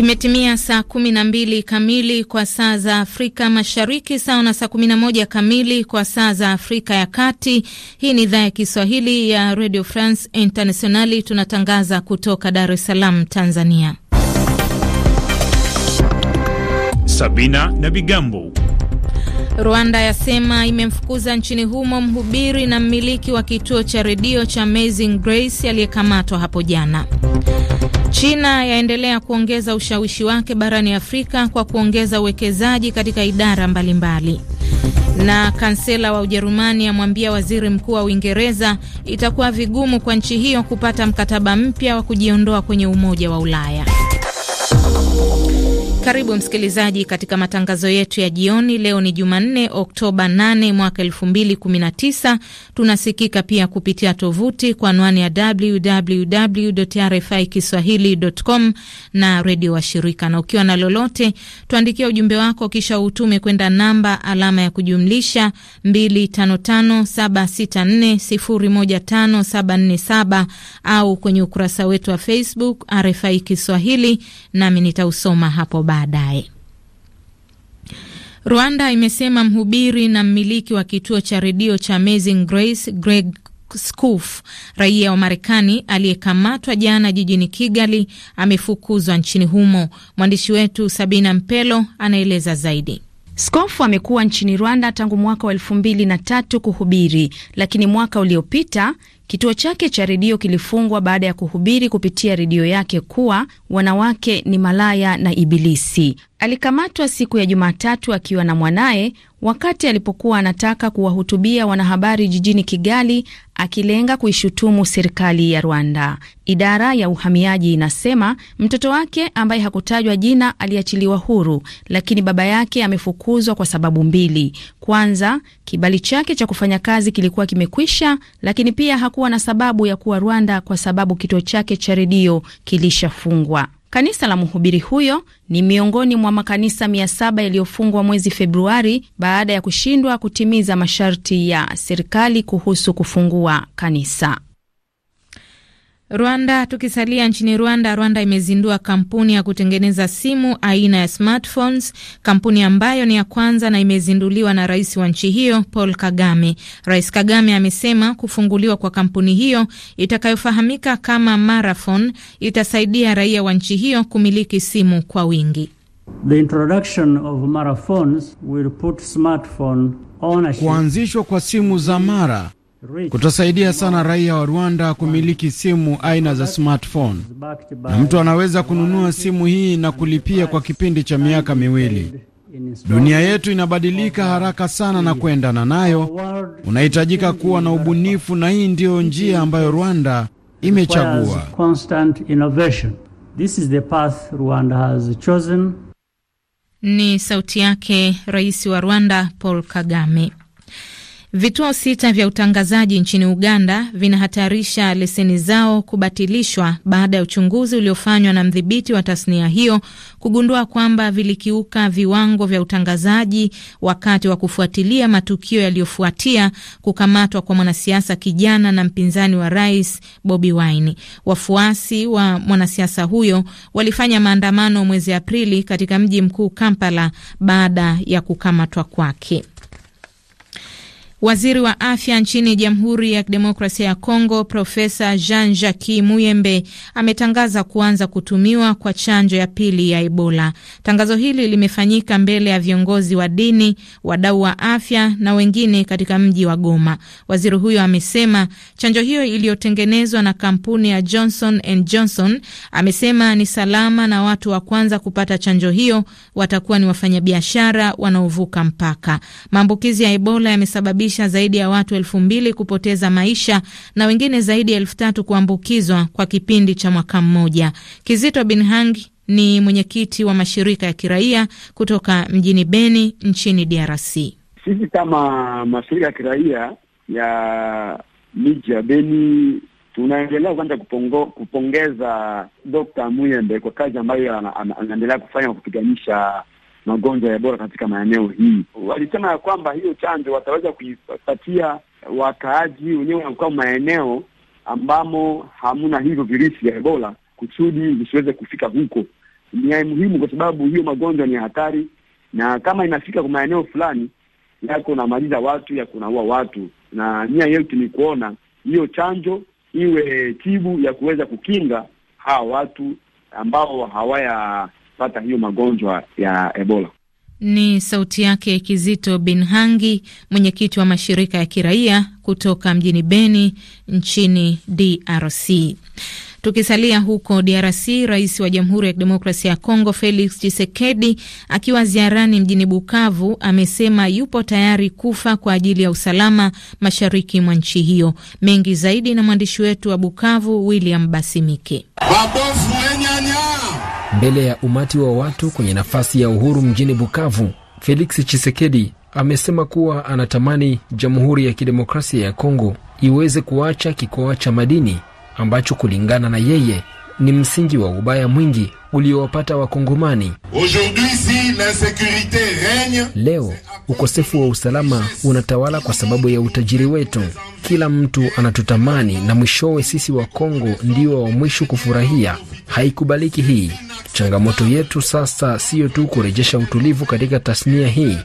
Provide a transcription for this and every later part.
Imetimia saa kumi na mbili kamili kwa saa za Afrika Mashariki, sawa na saa kumi na moja kamili kwa saa za Afrika ya Kati. Hii ni idhaa ya Kiswahili ya Radio France Internationali, tunatangaza kutoka Dar es Salaam, Tanzania. Sabina na Bigambo Rwanda yasema imemfukuza nchini humo mhubiri na mmiliki wa kituo cha redio cha Amazing Grace aliyekamatwa hapo jana. China yaendelea kuongeza ushawishi wake barani Afrika kwa kuongeza uwekezaji katika idara mbalimbali mbali. Na kansela wa Ujerumani amwambia waziri mkuu wa Uingereza itakuwa vigumu kwa nchi hiyo kupata mkataba mpya wa kujiondoa kwenye Umoja wa Ulaya. Karibu msikilizaji katika matangazo yetu ya jioni. Leo ni Jumanne, Oktoba 8 mwaka 2019. Tunasikika pia kupitia tovuti kwa anwani ya www RFI kiswahili.com na redio shirika, na ukiwa na lolote tuandikia ujumbe wako kisha utume kwenda namba alama ya kujumlisha 255764015747 au kwenye ukurasa wetu wa Facebook RFI Kiswahili, nami nitausoma hapo baadaye. Rwanda imesema mhubiri na mmiliki wa kituo cha redio cha Amazing Grace Greg Scoof, raia wa Marekani aliyekamatwa jana jijini Kigali, amefukuzwa nchini humo. Mwandishi wetu Sabina Mpelo anaeleza zaidi. Skofu amekuwa nchini Rwanda tangu mwaka wa elfu mbili na tatu kuhubiri, lakini mwaka uliopita Kituo chake cha redio kilifungwa baada ya kuhubiri kupitia redio yake kuwa wanawake ni malaya na ibilisi. Alikamatwa siku ya Jumatatu akiwa na mwanaye wakati alipokuwa anataka kuwahutubia wanahabari jijini Kigali, akilenga kuishutumu serikali ya Rwanda. Idara ya uhamiaji inasema mtoto wake ambaye hakutajwa jina aliachiliwa huru, lakini baba yake amefukuzwa kwa sababu mbili. Kwanza, kibali chake cha kufanya kazi kilikuwa kimekwisha, lakini pia hakuwa na sababu ya kuwa Rwanda kwa sababu kituo chake cha redio kilishafungwa. Kanisa la mhubiri huyo ni miongoni mwa makanisa saba yaliyofungwa mwezi Februari baada ya kushindwa kutimiza masharti ya serikali kuhusu kufungua kanisa. Rwanda. Tukisalia nchini Rwanda, Rwanda imezindua kampuni ya kutengeneza simu aina ya smartphones, kampuni ambayo ni ya kwanza na imezinduliwa na rais wa nchi hiyo Paul Kagame. Rais Kagame amesema kufunguliwa kwa kampuni hiyo itakayofahamika kama Marathon itasaidia raia wa nchi hiyo kumiliki simu kwa wingi. The introduction of marathons will put smartphone ownership. Kuanzishwa kwa simu za mara kutasaidia sana raia wa Rwanda kumiliki simu aina za smartphone, na mtu anaweza kununua simu hii na kulipia kwa kipindi cha miaka miwili. Dunia yetu inabadilika haraka sana, na kuendana nayo unahitajika kuwa na ubunifu, na hii ndiyo njia ambayo Rwanda imechagua. Ni sauti yake Rais wa Rwanda Paul Kagame. Vituo sita vya utangazaji nchini Uganda vinahatarisha leseni zao kubatilishwa baada ya uchunguzi uliofanywa na mdhibiti wa tasnia hiyo kugundua kwamba vilikiuka viwango vya utangazaji wakati wa kufuatilia matukio yaliyofuatia kukamatwa kwa mwanasiasa kijana na mpinzani wa rais Bobi Wine. Wafuasi wa mwanasiasa huyo walifanya maandamano mwezi Aprili katika mji mkuu Kampala baada ya kukamatwa kwake. Waziri wa afya nchini Jamhuri ya Kidemokrasia ya Kongo, Profesa Jean Jacques Muyembe ametangaza kuanza kutumiwa kwa chanjo ya pili ya Ebola. Tangazo hili limefanyika mbele ya viongozi wa dini, wadau wa afya na wengine katika mji wa Goma. Waziri huyo amesema chanjo hiyo iliyotengenezwa na kampuni ya Johnson and Johnson, amesema ni salama na watu wa kwanza kupata chanjo hiyo watakuwa ni wafanyabiashara wanaovuka mpaka. Maambukizi ya Ebola yamesababisha kusababisha zaidi ya watu elfu mbili kupoteza maisha na wengine zaidi ya elfu tatu kuambukizwa kwa kipindi cha mwaka mmoja. Kizito Binhang ni mwenyekiti wa mashirika ya kiraia kutoka mjini Beni nchini DRC. Sisi kama mashirika ya kiraia ya miji ya Beni tunaendelea kwanza kupongo, kupongeza Dokta Muyembe kwa kazi ambayo anaendelea kufanya kupiganisha magonjwa ya bora katika maeneo hii. Walisema ya kwamba hiyo chanjo wataweza kuipatia wakaaji wenyewe wanakaa maeneo ambamo hamna hivyo virusi vya Ebola kusudi visiweze kufika huko. Ni muhimu kwa sababu hiyo magonjwa ni hatari, na kama inafika kwa maeneo fulani yako namaliza watu yako naua watu, na nia yetu ni kuona hiyo chanjo iwe tibu ya kuweza kukinga hawa watu ambao hawaya kupata hiyo magonjwa ya Ebola. Ni sauti yake Kizito Binhangi, mwenyekiti wa mashirika ya kiraia kutoka mjini Beni nchini DRC. Tukisalia huko DRC, rais wa Jamhuri ya Kidemokrasia ya Kongo Felix Tshisekedi akiwa ziarani mjini Bukavu amesema yupo tayari kufa kwa ajili ya usalama mashariki mwa nchi hiyo. Mengi zaidi na mwandishi wetu wa Bukavu William Basimike Babofu, mbele ya umati wa watu kwenye nafasi ya uhuru mjini Bukavu. Felix chisekedi amesema kuwa anatamani Jamhuri ya Kidemokrasia ya Kongo iweze kuacha kikoa cha madini ambacho kulingana na yeye ni msingi wa ubaya mwingi uliowapata Wakongomani. Leo ukosefu wa usalama unatawala kwa sababu ya utajiri wetu. Kila mtu anatutamani na mwishowe sisi wa Kongo ndio wa mwisho kufurahia. Haikubaliki hii. Changamoto yetu sasa siyo tu kurejesha utulivu katika tasnia hii,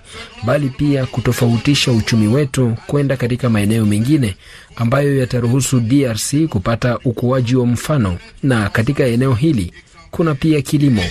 bali pia kutofautisha uchumi wetu kwenda katika maeneo mengine ambayo yataruhusu DRC kupata ukuaji wa mfano, na katika eneo hili kuna pia kilimo.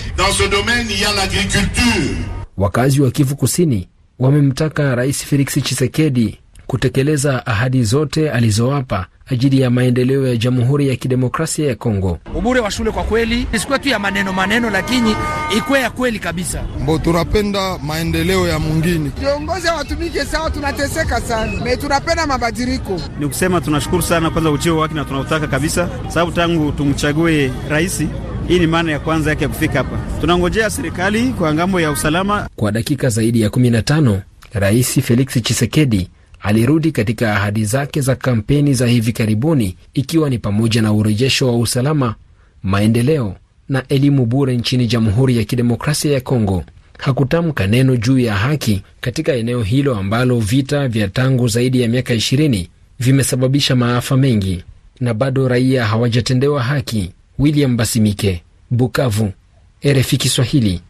Wakazi wa Kivu Kusini wamemtaka Rais Felix Tshisekedi kutekeleza ahadi zote alizowapa ajili ya maendeleo ya Jamhuri ya Kidemokrasia ya Kongo. Ubure wa shule kwa kweli isikuwa tu ya maneno maneno, lakini ikuwe ya kweli kabisa. Mbo tunapenda maendeleo ya mwingine, viongozi hawatumike sawa, tunateseka sana me, tunapenda mabadiliko. Ni kusema tunashukuru sana kwanza ujio wake na tunautaka kabisa, sababu tangu tumchague rais hii ni maana ya kwanza yake kufika hapa. Tunangojea serikali kwa ngambo ya usalama. Kwa dakika zaidi ya 15 Rais Felix Tshisekedi alirudi katika ahadi zake za kampeni za hivi karibuni, ikiwa ni pamoja na urejesho wa usalama, maendeleo na elimu bure nchini Jamhuri ya Kidemokrasia ya Kongo. Hakutamka neno juu ya haki katika eneo hilo ambalo vita vya tangu zaidi ya miaka 20 vimesababisha maafa mengi na bado raia hawajatendewa haki. William Basimike, Bukavu, RFI Kiswahili.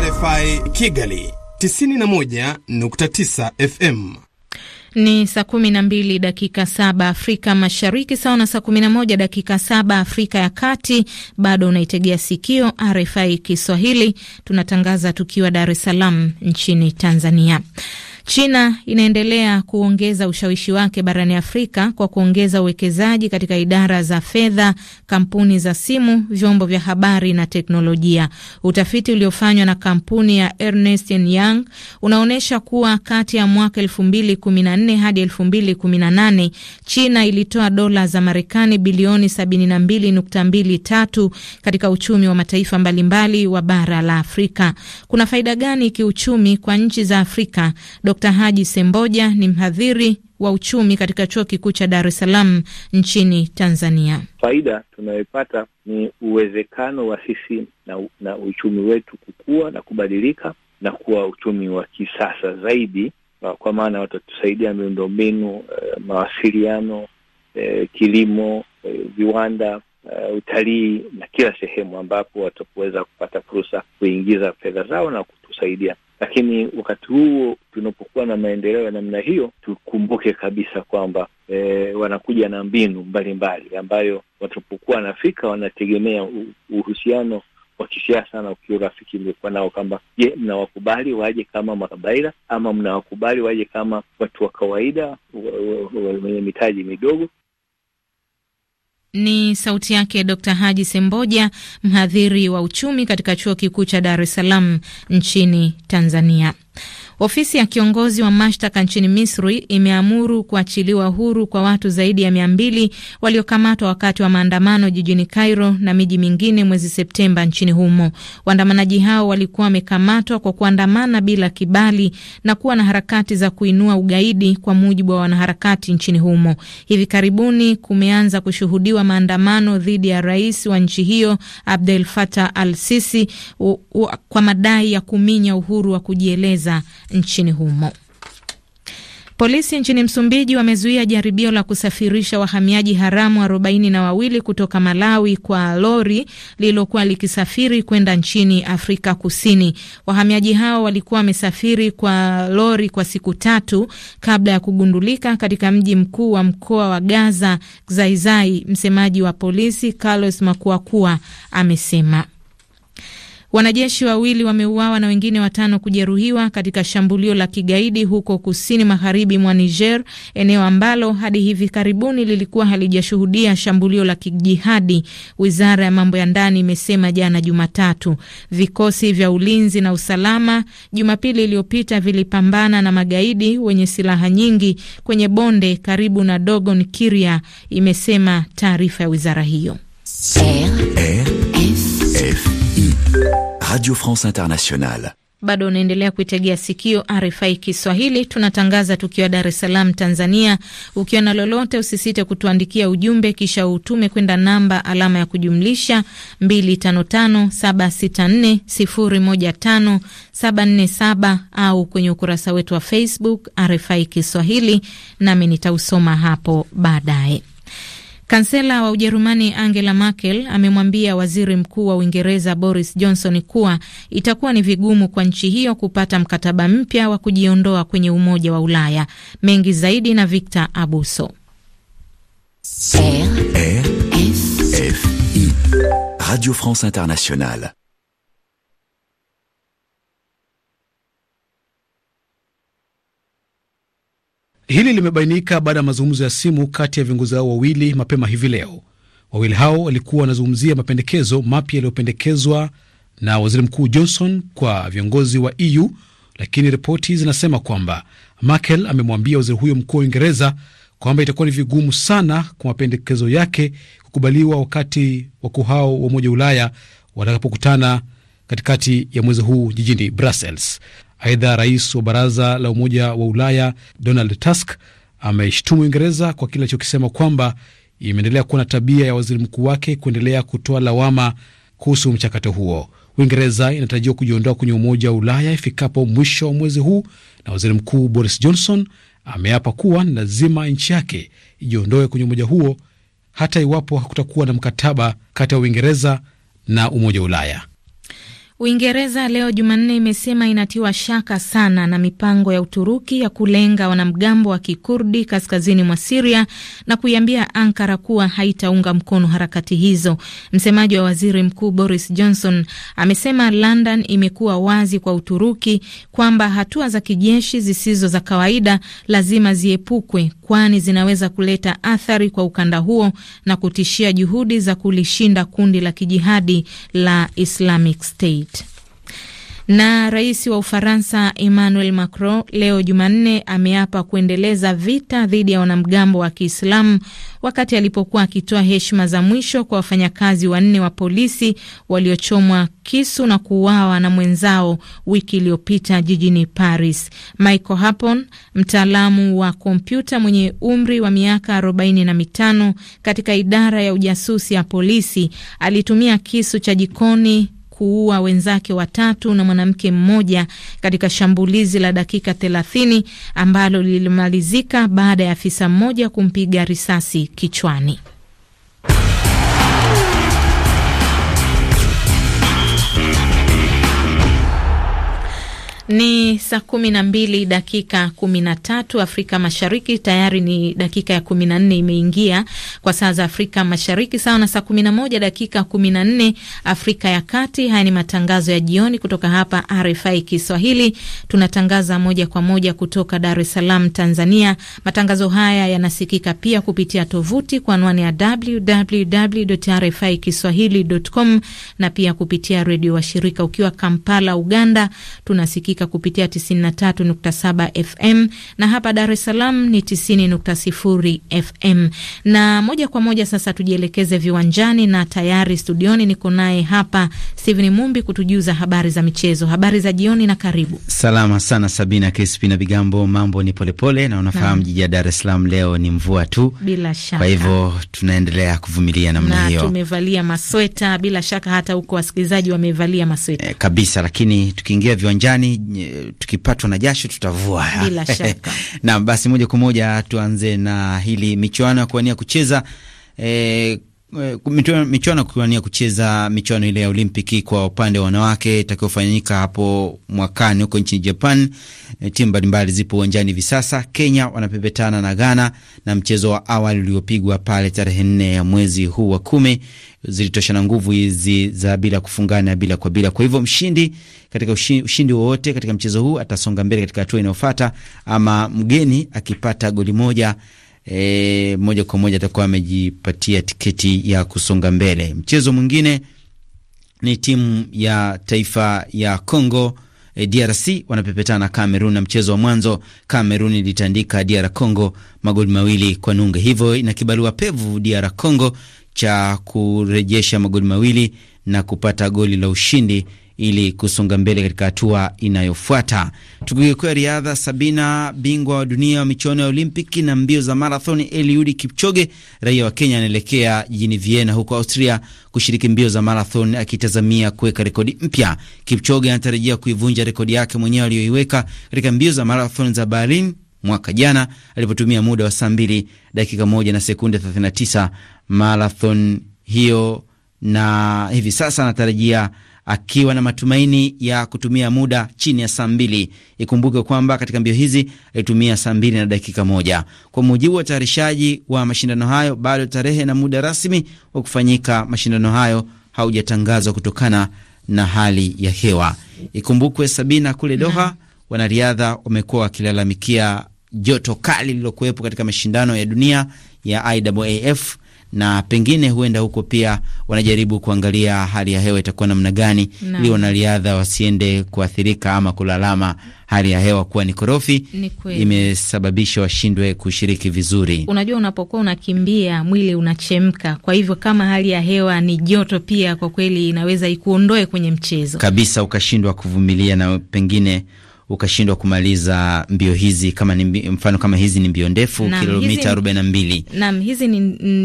RFI Kigali 91.9 FM. Ni saa kumi na mbili dakika saba Afrika Mashariki, sawa na saa kumi na moja dakika saba Afrika ya Kati. Bado unaitegea sikio RFI Kiswahili, tunatangaza tukiwa Dar es Salaam nchini Tanzania. China inaendelea kuongeza ushawishi wake barani Afrika kwa kuongeza uwekezaji katika idara za fedha, kampuni za simu, vyombo vya habari na teknolojia. Utafiti uliofanywa na kampuni ya Ernst Young unaonyesha kuwa kati ya mwaka 2014 hadi 2018 China ilitoa dola za Marekani bilioni 72.23 katika uchumi wa mataifa mbalimbali wa bara la Afrika. Kuna faida gani kiuchumi kwa nchi za Afrika? Dr. Dr Haji Semboja ni mhadhiri wa uchumi katika chuo kikuu cha Dar es Salaam nchini Tanzania. Faida tunayoipata ni uwezekano wa sisi na, na uchumi wetu kukua na kubadilika na kuwa uchumi wa kisasa zaidi, kwa maana watatusaidia miundombinu, eh, mawasiliano, eh, kilimo, eh, viwanda uh, utalii na kila sehemu ambapo watakuweza kupata fursa kuingiza fedha zao na kutusaidia. Lakini wakati huo tunapokuwa na maendeleo ya namna hiyo, tukumbuke kabisa kwamba e, wanakuja na mbinu mbalimbali mbali, ambayo watapokuwa wanafika wanategemea uhusiano wa kisiasa na kiurafiki mliokuwa nao, kwamba je, mnawakubali waje kama makabaila ama mnawakubali waje kama watu wa kawaida wenye mitaji midogo ni sauti yake Dr Haji Semboja, mhadhiri wa uchumi katika chuo kikuu cha Dar es Salaam nchini Tanzania. Ofisi ya kiongozi wa mashtaka nchini Misri imeamuru kuachiliwa huru kwa watu zaidi ya mia mbili waliokamatwa wakati wa maandamano jijini Cairo na miji mingine mwezi Septemba nchini humo. Waandamanaji hao walikuwa wamekamatwa kwa kuandamana bila kibali na kuwa na harakati za kuinua ugaidi, kwa mujibu wa wanaharakati nchini humo. Hivi karibuni kumeanza kushuhudiwa maandamano dhidi ya rais wa nchi hiyo Abdel Fattah al-Sisi kwa madai ya kuminya uhuru wa kujieleza nchini humo. Polisi nchini Msumbiji wamezuia jaribio la kusafirisha wahamiaji haramu arobaini na wawili kutoka Malawi kwa lori lililokuwa likisafiri kwenda nchini Afrika Kusini. Wahamiaji hao walikuwa wamesafiri kwa lori kwa siku tatu kabla ya kugundulika katika mji mkuu wa mkoa wa Gaza, Zaizai. Msemaji wa polisi Carlos Makuakua amesema. Wanajeshi wawili wameuawa na wengine watano kujeruhiwa katika shambulio la kigaidi huko kusini magharibi mwa Niger, eneo ambalo hadi hivi karibuni lilikuwa halijashuhudia shambulio la kijihadi, wizara ya mambo ya ndani imesema jana Jumatatu. Vikosi vya ulinzi na usalama Jumapili iliyopita vilipambana na magaidi wenye silaha nyingi kwenye bonde karibu na Dogon Kiria, imesema taarifa ya wizara hiyo. Radio France Internationale. Bado unaendelea kuitegea sikio RFI Kiswahili, tunatangaza tukiwa Dar es Salaam, Tanzania. Ukiwa na lolote, usisite kutuandikia ujumbe, kisha utume kwenda namba alama ya kujumlisha 255764015747 au kwenye ukurasa wetu wa Facebook RFI Kiswahili, nami nitausoma hapo baadaye. Kansela wa Ujerumani Angela Merkel amemwambia waziri mkuu wa Uingereza Boris Johnson kuwa itakuwa ni vigumu kwa nchi hiyo kupata mkataba mpya wa kujiondoa kwenye Umoja wa Ulaya. Mengi zaidi na Victor Abuso. Radio France Internationale. Hili limebainika baada ya mazungumzo ya simu kati ya viongozi hao wawili mapema hivi leo. Wawili hao walikuwa wanazungumzia mapendekezo mapya yaliyopendekezwa na waziri mkuu Johnson kwa viongozi wa EU, lakini ripoti zinasema kwamba Merkel amemwambia waziri huyo mkuu wa Uingereza kwamba itakuwa ni vigumu sana kwa mapendekezo yake kukubaliwa wakati wakuu hao wa Umoja wa Ulaya watakapokutana katikati ya mwezi huu jijini Brussels. Aidha, rais wa baraza la Umoja wa Ulaya Donald Tusk ameshtumu Uingereza kwa kile alichokisema kwamba imeendelea kuwa na tabia ya waziri mkuu wake kuendelea kutoa lawama kuhusu mchakato huo. Uingereza inatarajiwa kujiondoa kwenye Umoja wa Ulaya ifikapo mwisho wa mwezi huu, na waziri mkuu Boris Johnson ameapa kuwa ni lazima nchi yake ijiondoe kwenye umoja huo hata iwapo hakutakuwa na mkataba kati ya Uingereza na Umoja wa Ulaya. Uingereza leo Jumanne imesema inatiwa shaka sana na mipango ya Uturuki ya kulenga wanamgambo wa kikurdi kaskazini mwa Siria na kuiambia Ankara kuwa haitaunga mkono harakati hizo. Msemaji wa waziri mkuu Boris Johnson amesema London imekuwa wazi kwa Uturuki kwamba hatua za kijeshi zisizo za kawaida lazima ziepukwe, kwani zinaweza kuleta athari kwa ukanda huo na kutishia juhudi za kulishinda kundi la kijihadi la Islamic State. Brexit. Na rais wa Ufaransa Emmanuel Macron leo Jumanne ameapa kuendeleza vita dhidi ya wanamgambo wa Kiislamu wakati alipokuwa akitoa heshima za mwisho kwa wafanyakazi wanne wa polisi waliochomwa kisu na kuuawa na mwenzao wiki iliyopita jijini Paris. Michael Hapon, mtaalamu wa kompyuta mwenye umri wa miaka arobaini na mitano katika idara ya ujasusi ya polisi, alitumia kisu cha jikoni kuua wenzake watatu na mwanamke mmoja katika shambulizi la dakika 30 ambalo lilimalizika baada ya afisa mmoja kumpiga risasi kichwani. Ni saa kumi na mbili dakika kumi na tatu Afrika Mashariki, tayari ni dakika ya kumi na nne imeingia kwa saa za Afrika Mashariki, sawa na saa kumi na moja dakika kumi na nne Afrika ya Kati. Haya ni matangazo ya jioni kutoka hapa RFI Kiswahili, tunatangaza moja kwa moja kutoka Dar es Salaam, Tanzania. Matangazo haya yanasikika pia kupitia tovuti kwa anwani ya www RFI kiswahili com na pia kupitia redio washirika. Ukiwa Kampala, Uganda, tunasikika husikika kupitia 93.7 FM na hapa Dar es Salaam ni 90.0 FM. Na moja kwa moja sasa tujielekeze viwanjani na tayari studioni niko naye hapa Steven Mumbi kutujuza habari za michezo. Habari za jioni na karibu. Salama sana Sabina Kespi na Bigambo, mambo ni polepole pole, na unafahamu jiji ya Dar es Salaam leo ni mvua tu. Bila shaka. Kwa hivyo tunaendelea kuvumilia namna na hiyo. tumevalia masweta bila shaka hata huko wasikilizaji wamevalia masweta. e, kabisa lakini tukiingia viwanjani tukipatwa na jasho tutavua. Bila shaka. Naam, basi moja kwa moja tuanze na hili michuano ya kuwania kucheza e, Eh, michuano ya kuania kucheza michuano ile ya Olimpiki kwa upande wa wanawake itakayofanyika hapo mwakani huko nchini Japan. Eh, timu mbalimbali zipo uwanjani hivi sasa. Kenya wanapepetana na Ghana, na mchezo wa awali uliopigwa pale tarehe nne ya mwezi huu wa kumi zilitoshana nguvu hizi za bila kufungana, bila kwa bila. Kwa hivyo mshindi katika ushindi wowote katika mchezo huu atasonga mbele katika hatua inayofuata, ama mgeni akipata goli moja e, moja kwa moja atakuwa amejipatia tiketi ya kusonga mbele. Mchezo mwingine ni timu ya taifa ya Congo e, DRC wanapepetana Cameroon, na mchezo wa mwanzo Cameroon ilitandika DR Congo magoli mawili kwa nunge, hivyo ina kibarua pevu DR Congo cha kurejesha magoli mawili na kupata goli la ushindi ili kusonga mbele katika hatua inayofuata. Tukigeukia riadha, Sabina, bingwa wa dunia wa michuano ya Olimpiki na mbio za marathoni Eliudi Kipchoge, raia wa Kenya, anaelekea jijini Vienna huko Austria kushiriki mbio za marathon akitazamia kuweka rekodi mpya. Kipchoge anatarajia kuivunja rekodi yake mwenyewe aliyoiweka katika mbio za marathon za Berlin mwaka jana alipotumia muda wa saa mbili dakika moja na sekunde 39 marathon hiyo, na hivi sasa anatarajia akiwa na matumaini ya kutumia muda chini ya saa mbili. Ikumbuke kwamba katika mbio hizi alitumia saa mbili na dakika moja. Kwa mujibu wa utayarishaji wa mashindano hayo, bado tarehe na muda rasmi wa kufanyika mashindano hayo haujatangazwa kutokana na hali ya hewa. Ikumbukwe Sabina, kule Doha wanariadha wamekuwa wakilalamikia joto kali lililokuwepo katika mashindano ya dunia ya IAAF na pengine huenda huko pia wanajaribu kuangalia hali ya hewa itakuwa namna gani, ili wanariadha wasiende kuathirika ama kulalama hali ya hewa kuwa ni korofi, imesababisha washindwe kushiriki vizuri. Unajua, unapokuwa unakimbia mwili unachemka, kwa hivyo kama hali ya hewa ni joto, pia kwa kweli inaweza ikuondoe kwenye mchezo kabisa, ukashindwa kuvumilia na pengine ukashindwa kumaliza mbio hizi, kama ni mfano kama hizi ni mbio ndefu kilomita arobaini na mbili. Naam, hizi ni,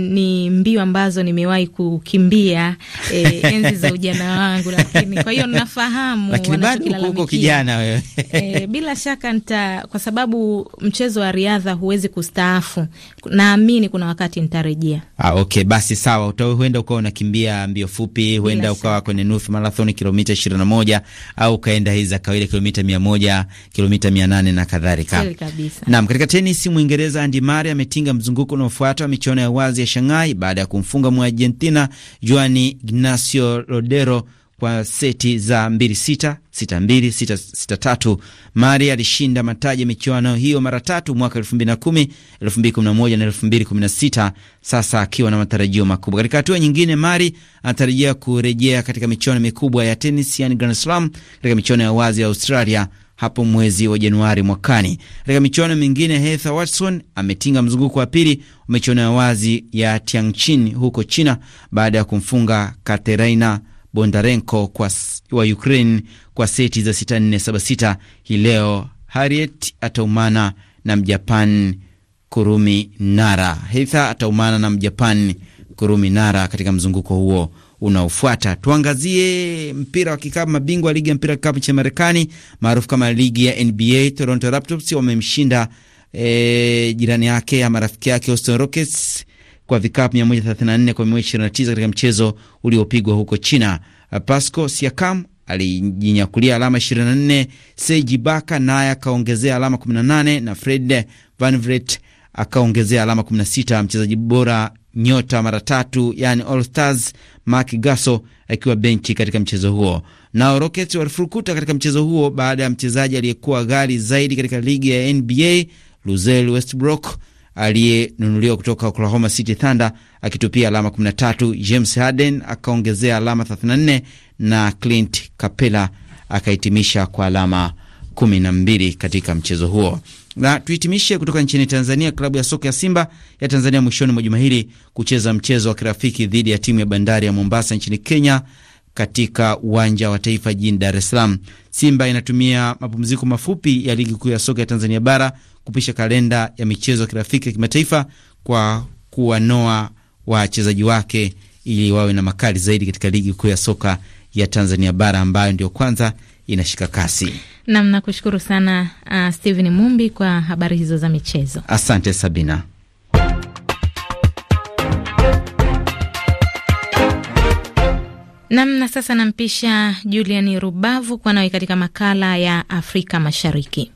ni mbio ambazo nimewahi kukimbia e, enzi za ujana wangu, lakini kwa hiyo nafahamu, lakini bado uko kijana wewe e, bila shaka nita, kwa sababu mchezo wa riadha huwezi kustaafu, naamini kuna wakati nitarejea. Ah, okay, basi sawa, huenda ukawa unakimbia mbio fupi, huenda ukawa kwenye nusu marathoni kilomita 21 au ukaenda hizi za kawaida kilomita 100 kilomita mia nane na kadhalika. Naam, katika tenisi, Mwingereza Andy Murray ametinga mzunguko unaofuata wa michuano ya wazi ya Shanghai baada ya kumfunga Mwargentina Juan Ignacio Rodero kwa seti za mbili sita sita mbili sita sita tatu. Mari alishinda mataji ya michuano hiyo mara tatu mwaka elfu mbili na kumi kumi kumi elfu elfu mbili mbili na na na moja sita sasa akiwa na matarajio makubwa. Katika hatua nyingine, Mari anatarajia kurejea katika michuano mikubwa ya tenis, yani Grand Slam, katika michuano ya wazi ya Australia hapo mwezi wa Januari mwakani. Katika michuano mingine, Heather Watson ametinga mzunguko wa pili wa michuano ya wazi ya Tianjin huko China baada ya kumfunga Katerina Bondarenko kwa, wa Ukraine kwa seti za 6476 hii leo. Harriet ataumana na Mjapan Kurumi Nara. Heather ataumana na Mjapan Kurumi Nara katika mzunguko huo unaofuata. Tuangazie mpira wa kikapu. Mabingwa ligi ya mpira wa kikapu cha Marekani maarufu kama ligi ya NBA, Toronto Raptors wamemshinda e, jirani yake ama rafiki yake Houston Rockets kwa vikapu 134 kwa 129 katika mchezo uliopigwa huko China. Pascal Siakam alijinyakulia alama 24, Serge Ibaka naye akaongezea alama 18 na Fred VanVleet akaongezea alama 16. Mchezaji bora nyota mara tatu yani All Stars Mark Gasso akiwa benchi katika mchezo huo. Nao Rockets walifurukuta katika mchezo huo baada ya mchezaji aliyekuwa ghali zaidi katika ligi ya NBA Russell Westbrook aliyenunuliwa kutoka Oklahoma City Thunder akitupia alama 13. James Harden akaongezea alama 34 na Clint Capela akahitimisha kwa alama 12 katika mchezo huo. Na tuhitimishe kutoka nchini Tanzania, klabu ya soka ya Simba ya Tanzania mwishoni mwa juma hili kucheza mchezo wa kirafiki dhidi ya timu ya Bandari ya Mombasa nchini Kenya katika uwanja wa taifa jijini Dar es Salaam. Simba inatumia mapumziko mafupi ya ligi kuu ya soka ya Tanzania bara kupisha kalenda ya michezo ya kirafiki ya kimataifa kwa kuwanoa wachezaji wake ili wawe na makali zaidi katika ligi kuu ya soka ya Tanzania bara ambayo ndio kwanza inashika kasi. Nam, nakushukuru sana uh, Steven Mumbi kwa habari hizo za michezo. Asante Sabina. Namna sasa, nampisha Julian Rubavu kuwa nawe katika makala ya Afrika Mashariki.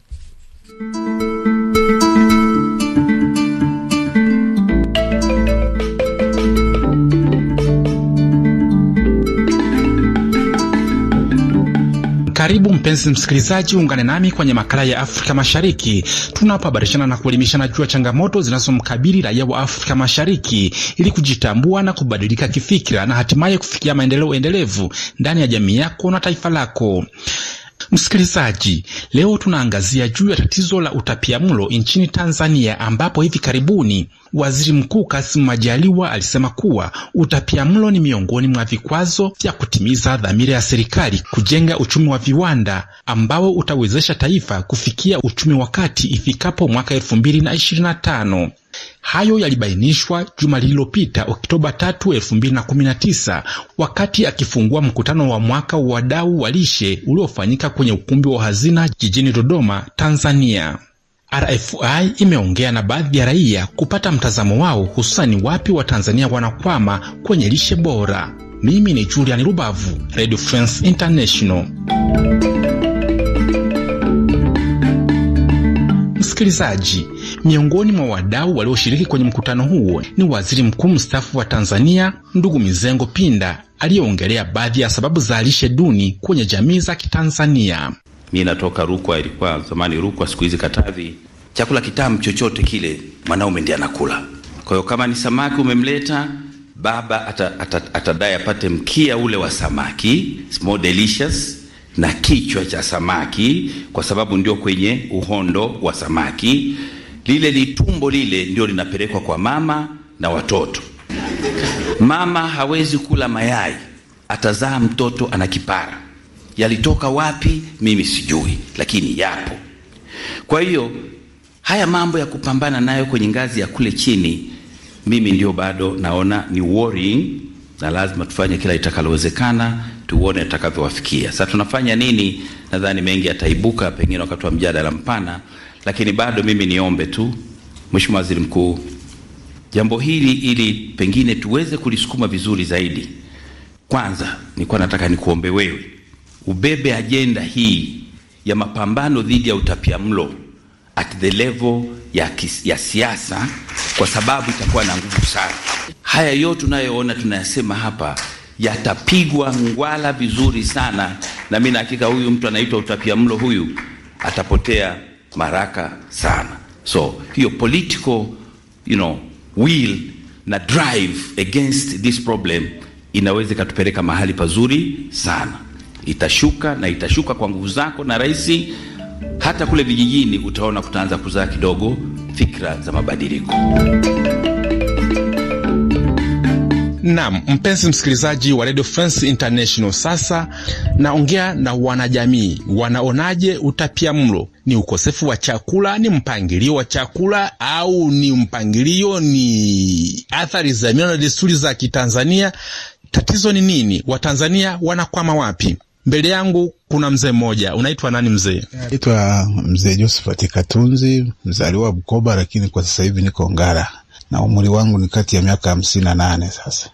Karibu mpenzi msikilizaji, ungane nami kwenye makala ya Afrika Mashariki tunapohabarishana na kuelimishana juu ya changamoto zinazomkabili raia wa Afrika Mashariki ili kujitambua na kubadilika kifikira na hatimaye kufikia maendeleo endelevu ndani ya jamii yako na taifa lako. Msikilizaji, leo tunaangazia juu ya tatizo la utapiamlo nchini Tanzania, ambapo hivi karibuni Waziri Mkuu Kassim Majaliwa alisema kuwa utapiamlo ni miongoni mwa vikwazo vya kutimiza dhamira ya serikali kujenga uchumi wa viwanda ambao utawezesha taifa kufikia uchumi wa kati ifikapo mwaka elfu mbili na ishirini na tano. Hayo yalibainishwa juma lililopita Oktoba 3, 2019 wakati akifungua mkutano wa mwaka wa wadau wa lishe uliofanyika kwenye ukumbi wa Hazina jijini Dodoma, Tanzania. RFI imeongea na baadhi ya raia kupata mtazamo wao, hususani wapi Watanzania wanakwama kwenye lishe bora. Mimi ni Julian Rubavu, Radio France International. Msikilizaji, Miongoni mwa wadau walioshiriki kwenye mkutano huo ni waziri mkuu mstaafu wa Tanzania ndugu Mizengo Pinda aliyeongelea baadhi ya sababu za lishe duni kwenye jamii za Kitanzania. Mi natoka Rukwa, ilikuwa zamani Rukwa, siku hizi Katavi. Chakula kitamu chochote kile mwanaume ndiye anakula. Kwa hiyo kama ni samaki umemleta baba, atadai ata, ata apate mkia ule wa samaki small delicious na kichwa cha samaki, kwa sababu ndio kwenye uhondo wa samaki lile litumbo lile ndio linapelekwa kwa mama na watoto. Mama hawezi kula mayai, atazaa mtoto ana kipara. Yalitoka wapi mimi sijui, lakini yapo. Kwa hiyo haya mambo ya kupambana nayo kwenye ngazi ya kule chini, mimi ndio bado naona ni worrying, na lazima tufanye kila itakalowezekana, tuone atakavyowafikia Sasa tunafanya nini? Nadhani mengi yataibuka pengine wakati wa mjadala mpana. Lakini bado mimi niombe tu, Mheshimiwa Waziri Mkuu, jambo hili ili pengine tuweze kulisukuma vizuri zaidi, kwanza nilikuwa nataka nikuombe wewe ubebe ajenda hii ya mapambano dhidi ya utapiamlo at the level ya, kis, ya siasa kwa sababu itakuwa na nguvu sana. Haya yote tunayoona tunayasema hapa yatapigwa ngwala vizuri sana, na mimi na hakika huyu mtu anaitwa utapia mlo huyu atapotea maraka sana. So hiyo political you know, will na drive against this problem inaweza ikatupeleka mahali pazuri sana. Itashuka na itashuka kwa nguvu zako na rais. Hata kule vijijini utaona kutaanza kuzaa kidogo fikra za mabadiliko nam mpenzi msikilizaji wa Radio France International, sasa naongea na wanajamii. Wanaonaje utapia mlo? Ni ukosefu wa chakula? Ni mpangilio wa chakula? Au ni mpangilio? Ni athari za mila na desturi za Kitanzania? Tatizo ni nini? Watanzania wanakwama wapi? Mbele yangu kuna mzee mmoja. Unaitwa nani mzee? Naitwa mzee Josephat Katunzi, mzaliwa Bukoba, lakini kwa sasa hivi niko Ngara na umri wangu ni kati ya miaka hamsini na nane sasa.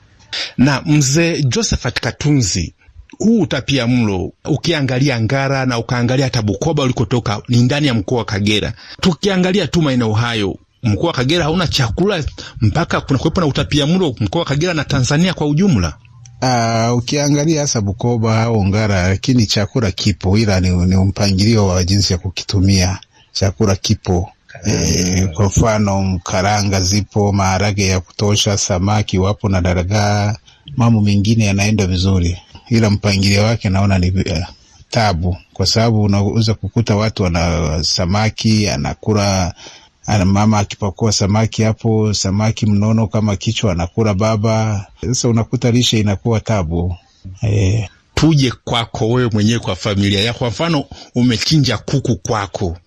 Na mzee Josephat Katunzi, huu utapia mlo ukiangalia Ngara na ukaangalia hata Bukoba ulikotoka ni ndani ya mkoa wa Kagera. Tukiangalia tu maeneo hayo, mkoa wa Kagera hauna chakula mpaka kunakuwepo na utapia mlo mkoa wa Kagera na Tanzania kwa ujumla. Uh, ukiangalia hasa Bukoba au Ngara, lakini chakula kipo, ila ni, ni mpangilio wa jinsi ya kukitumia. Chakula kipo E, kwa mfano mkaranga zipo, maharage ya kutosha, samaki wapo na daragaa, mambo mengine yanaenda vizuri, ila mpangilio wake naona ni eh, tabu, kwa sababu unaweza kukuta watu wana samaki anakula mama akipakua samaki hapo, samaki mnono kama kichwa anakula baba. Sasa unakuta lishe inakuwa tabu e. Tuje kwako wewe mwenyewe kwa familia yako, kwa mfano umechinja kuku kwako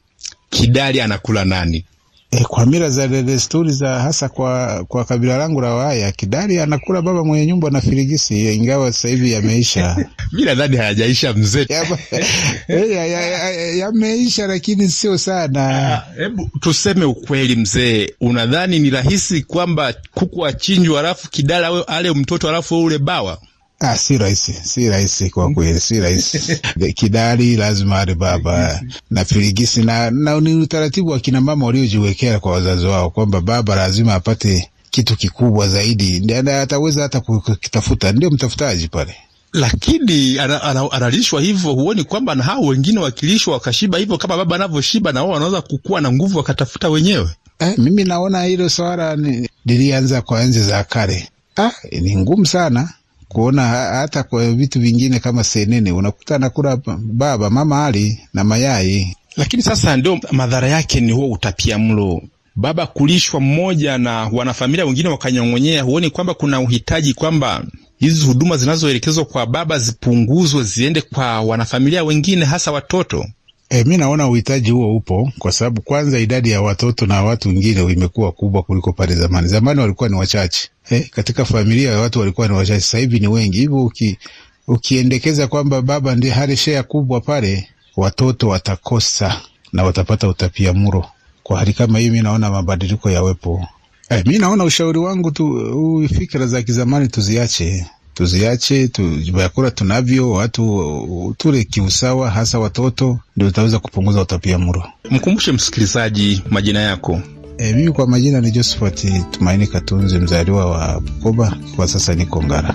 Kidali anakula nani? E, kwa mila za desturi za hasa kwa, kwa kabila langu la Waya, Kidali anakula baba mwenye nyumba na firigisi, ingawa sasa hivi yameisha. Mi nadhani hayajaisha mzee, eh, yameisha lakini sio sana. Ah, hebu tuseme ukweli mzee, unadhani ni rahisi kwamba kuku achinjwe alafu Kidali ale mtoto alafu ule bawa? Ah, si rahisi, si rahisi kwa kweli, si rahisi kidari lazima awe baba na filigisi na, na ni utaratibu wa kina mama waliojiwekea kwa wazazi wao kwamba baba lazima apate kitu kikubwa zaidi, ndio ataweza hata kukitafuta, ndio mtafutaji pale lakini analishwa hivyo, huoni kwamba na hao wengine wakilishwa wakashiba hivyo kama baba anavyoshiba, na wao wanaweza kukua na nguvu wakatafuta wenyewe? Eh, mimi naona hilo swala lilianza kwa enzi za kale. Ah, ni ngumu sana kuona hata kwa vitu vingine kama senene, unakuta nakula baba mama ali na mayai. Lakini sasa ndio madhara yake ni huo utapia mlo baba kulishwa mmoja na wanafamilia wengine wakanyong'onyea. Huoni kwamba kuna uhitaji kwamba hizi huduma zinazoelekezwa kwa baba zipunguzwe ziende kwa wanafamilia wengine, hasa watoto? E, mi naona uhitaji huo upo, kwa sababu kwanza idadi ya watoto na watu wengine imekuwa kubwa kuliko pale zamani. Zamani walikuwa ni wachache, eh, katika familia ya watu walikuwa ni wachache, sasa hivi ni wengi. Hivyo uki, ukiendekeza kwamba baba ndiye hali shea kubwa pale, watoto watakosa na watapata utapia mro. Kwa hali kama hii, mi naona mabadiliko yawepo. Eh, mi naona ushauri wangu tu, uh, fikira za kizamani tuziache, tuziache tu, vyakula tunavyo, watu ture uh, tule kiusawa, hasa watoto, ndio utaweza kupunguza utapia mro. Mkumbushe msikilizaji majina yako. E, mimi kwa majina ni Josephat Tumaini Katunzi, mzaliwa wa Bukoba, kwa sasa niko Ngara.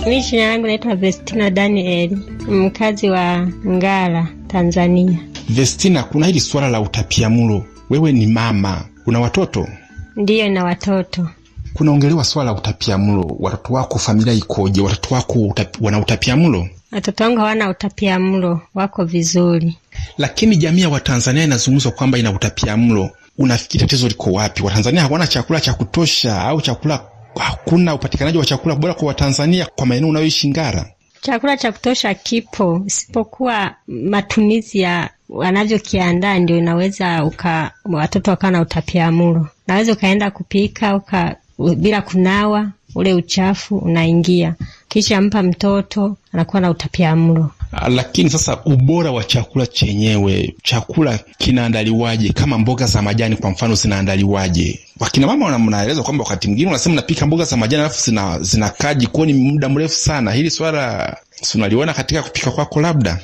Mimi jina langu naitwa Vestina Daniel, mkazi wa Ngara, Tanzania. Vestina, kuna hili swala la mulo, wewe ni mama, una watoto? Ndiyo, na watoto kunaongelewa swala la mulo. Watoto wako familia ikoje? Watoto wako utap, wana mulo? Watoto wangu hawana utapia mlo, wako vizuri. Lakini jamii ya Watanzania inazungumzwa kwamba ina utapia mlo. Unafikiri tatizo liko wapi? Watanzania hawana chakula cha kutosha au chakula, hakuna upatikanaji wa chakula bora kwa Watanzania kwa maeneo unayoishi Ngara? Chakula cha kutosha kipo, isipokuwa matumizi ya wanavyokiandaa ndio inaweza uka watoto wakawa na utapia mlo. Naweza ukaenda kupika uka bila kunawa ule uchafu unaingia, kisha mpa mtoto anakuwa na utapia mlo. Ah, lakini sasa ubora wa chakula chenyewe, chakula kinaandaliwaje? Kama mboga za majani kwa mfano zinaandaliwaje? Wakina mama mnaeleza kwamba wakati mwingine unasema napika mboga za majani alafu zinakaa zina jikoni muda mrefu sana. Hili swala tunaliona katika kupika kwako labda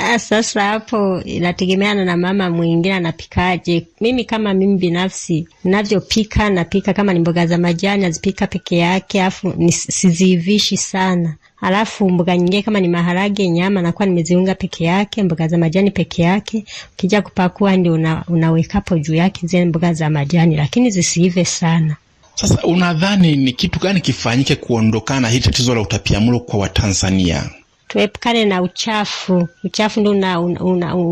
Ah, sasa hapo inategemeana na mama mwingine anapikaje. Mimi kama mimi binafsi navyopika, napika kama ni mboga za majani nazipika peke yake, alafu siziivishi sana. Alafu mboga nyingine kama ni maharage, nyama, nakuwa nimeziunga peke yake, mboga za majani peke yake. Ukija kupakua ndio una, unawekapo juu yake zile mboga za majani, lakini zisiive sana. Sasa unadhani ni kitu gani kifanyike kuondokana na hili tatizo la utapiamlo kwa Watanzania? tuepukane na uchafu. Uchafu ndio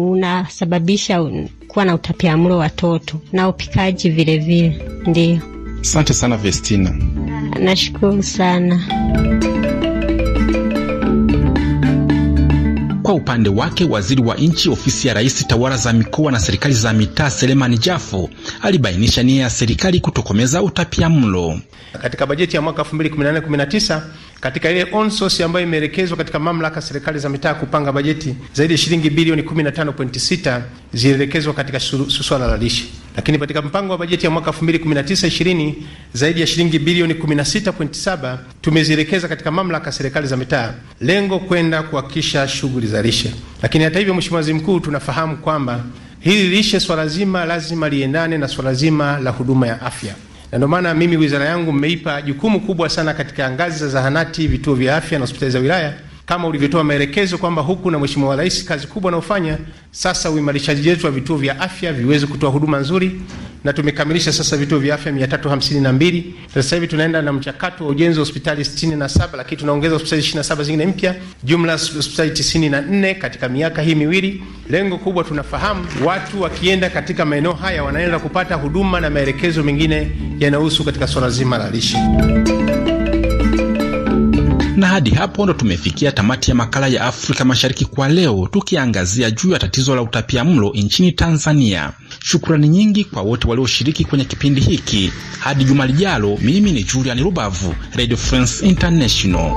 unasababisha una, una, una kuwa na utapiamlo watoto na upikaji vilevile. Ndio, asante sana Vestina, nashukuru sana. Kwa upande wake, waziri wa nchi ofisi ya rais tawala za mikoa na serikali za mitaa Selemani Jafo alibainisha nia ya serikali kutokomeza mlo katika bajeti ya mwaka 2018 katika ile on source ambayo imeelekezwa katika mamlaka serikali za mitaa kupanga bajeti, zaidi ya shilingi bilioni 15.6 zielekezwa katika suala la lishe. Lakini katika mpango wa bajeti ya mwaka 2019 2020 zaidi ya shilingi bilioni 16.7 tumezielekeza katika mamlaka serikali za mitaa, lengo kwenda kuhakikisha shughuli za lishe. Lakini hata hivyo, Mheshimiwa Waziri Mkuu, tunafahamu kwamba hili lishe swala zima lazima liendane na swala zima la huduma ya afya, na ndio maana mimi wizara yangu mmeipa jukumu kubwa sana katika ngazi za zahanati, vituo vya afya na hospitali za wilaya kama ulivyotoa maelekezo kwamba huku na Mheshimiwa Rais kazi kubwa anaofanya sasa, uimarishaji wetu wa vituo vya afya viweze kutoa huduma nzuri, na tumekamilisha sasa vituo vya afya 352. Sasa hivi tunaenda na mchakato wa ujenzi wa hospitali 67, lakini tunaongeza hospitali 27 zingine mpya, jumla hospitali 94 katika miaka hii miwili. Lengo kubwa tunafahamu, watu wakienda katika maeneo haya wanaenda kupata huduma na maelekezo mengine yanayohusu katika swala zima la lishe. Na hadi hapo ndo tumefikia tamati ya makala ya Afrika Mashariki kwa leo, tukiangazia juu ya tatizo la utapia mlo nchini Tanzania. Shukrani nyingi kwa wote walioshiriki kwenye kipindi hiki. Hadi juma lijalo, mimi ni Julian Rubavu, Radio France International.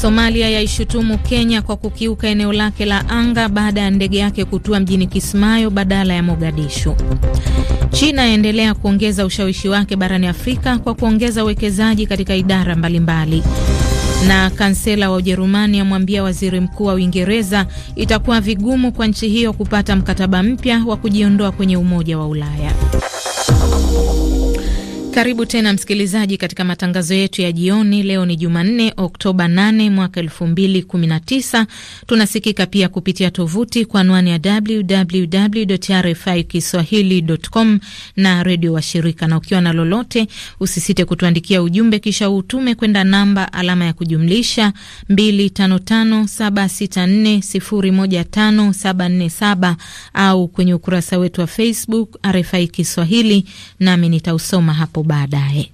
Somalia yaishutumu Kenya kwa kukiuka eneo lake la anga baada ya ndege yake kutua mjini Kismayo badala ya Mogadishu. China yaendelea kuongeza ushawishi wake barani Afrika kwa kuongeza uwekezaji katika idara mbalimbali mbali. Na kansela wa Ujerumani amwambia waziri mkuu wa Uingereza itakuwa vigumu kwa nchi hiyo kupata mkataba mpya wa kujiondoa kwenye Umoja wa Ulaya. Karibu tena msikilizaji, katika matangazo yetu ya jioni. Leo ni Jumanne, Oktoba 8 mwaka 2019. Tunasikika pia kupitia tovuti kwa anwani ya www RFI kiswahili.com na redio washirika, na ukiwa na lolote usisite kutuandikia ujumbe, kisha utume kwenda namba alama ya kujumlisha 255764015747 au kwenye ukurasa wetu wa Facebook RFI Kiswahili, nami nitausoma hapo Bà Đại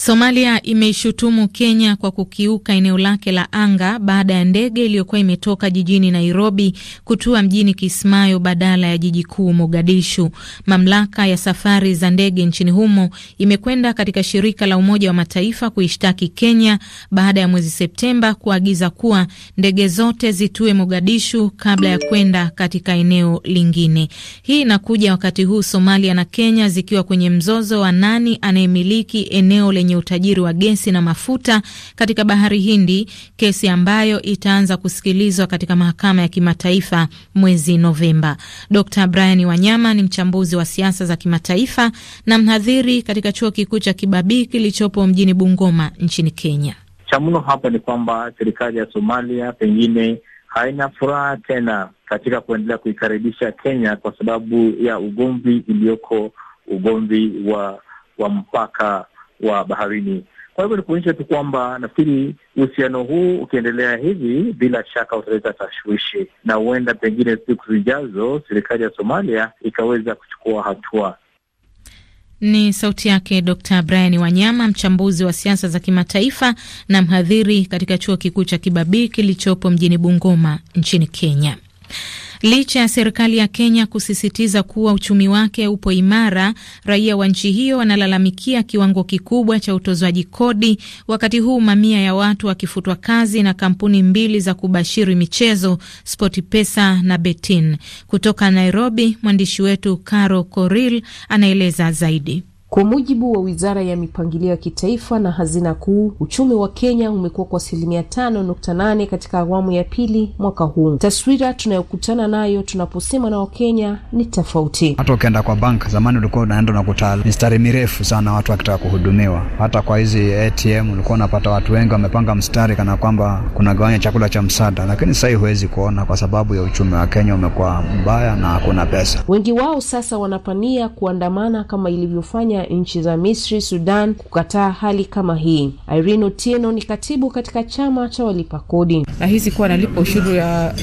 Somalia imeishutumu Kenya kwa kukiuka eneo lake la anga baada ya ndege iliyokuwa imetoka jijini Nairobi kutua mjini Kismayo badala ya jiji kuu Mogadishu. Mamlaka ya safari za ndege nchini humo imekwenda katika shirika la Umoja wa Mataifa kuishtaki Kenya baada ya mwezi Septemba kuagiza kuwa ndege zote zitue Mogadishu kabla ya kwenda katika eneo lingine. Hii inakuja wakati huu Somalia na Kenya zikiwa kwenye mzozo wa nani anayemiliki eneo lenye yenye utajiri wa gesi na mafuta katika bahari Hindi, kesi ambayo itaanza kusikilizwa katika mahakama ya kimataifa mwezi Novemba. Dr Brian Wanyama ni mchambuzi wa siasa za kimataifa na mhadhiri katika chuo kikuu cha Kibabii kilichopo mjini Bungoma nchini Kenya. Chamno hapa ni kwamba serikali ya Somalia pengine haina furaha tena katika kuendelea kuikaribisha Kenya kwa sababu ya ugomvi iliyoko, ugomvi wa wa mpaka wa baharini. Kwa hivyo ni kuonyesha tu kwamba nafikiri uhusiano huu ukiendelea hivi, bila shaka utaleta tashwishi, na huenda pengine siku zijazo serikali ya Somalia ikaweza kuchukua hatua. Ni sauti yake Dr Brian Wanyama, mchambuzi wa siasa za kimataifa na mhadhiri katika chuo kikuu cha Kibabii kilichopo mjini Bungoma nchini Kenya. Licha ya serikali ya Kenya kusisitiza kuwa uchumi wake upo imara, raia wa nchi hiyo wanalalamikia kiwango kikubwa cha utozwaji kodi, wakati huu mamia ya watu wakifutwa kazi na kampuni mbili za kubashiri michezo SportPesa na Betin. Kutoka Nairobi, mwandishi wetu Caro Koril anaeleza zaidi. Kwa mujibu wa wizara ya mipangilio ya kitaifa na hazina kuu, uchumi wa Kenya umekuwa kwa asilimia tano nukta nane katika awamu ya pili mwaka huu. Taswira tunayokutana nayo tunaposema na Wakenya ni tofauti. Hata ukienda kwa bank zamani, ulikuwa unaenda unakuta mistari mirefu sana watu wakitaka kuhudumiwa. Hata kwa hizi ATM ulikuwa unapata watu wengi wamepanga mstari kana kwamba kuna gawanya chakula cha msaada, lakini sahi huwezi kuona kwa sababu ya uchumi wa Kenya umekuwa mbaya na hakuna pesa. Wengi wao sasa wanapania kuandamana kama ilivyofanya ya nchi za Misri, Sudan kukataa hali kama hii. Irene Otieno ni katibu katika chama cha walipa kodi. Nahisi kuwa nalipa ushuru ya,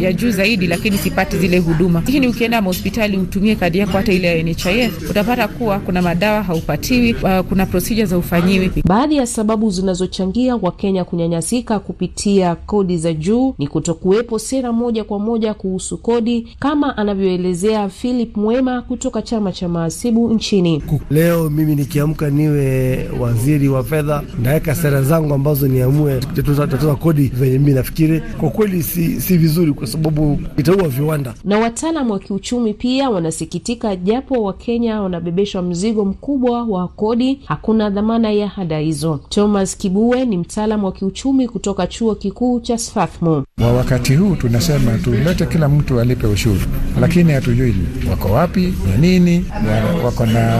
ya juu zaidi, lakini sipati zile huduma. Lakini ukienda mahospitali utumie kadi yako hata ile ya NHIF utapata kuwa kuna madawa haupatiwi, uh, kuna procedure za ufanyiwi. Baadhi ya sababu zinazochangia Wakenya kunyanyasika kupitia kodi za juu ni kutokuwepo sera moja kwa moja kuhusu kodi, kama anavyoelezea Philip Mwema kutoka chama cha mahasibu nchini leo mimi nikiamka niwe waziri wa fedha, naweka sera zangu ambazo niamue tatoza kodi venye mimi nafikiri. Kwa kweli si, si vizuri, kwa sababu itaua viwanda. Na wataalam wa kiuchumi pia wanasikitika, japo Wakenya wanabebeshwa mzigo mkubwa wa kodi, hakuna dhamana ya hada hizo. Thomas Kibue ni mtaalam wa kiuchumi kutoka chuo kikuu cha Strathmore. Kwa wakati huu tunasema tulete kila mtu alipe ushuru, lakini hatujui wako wapi na nini, wako na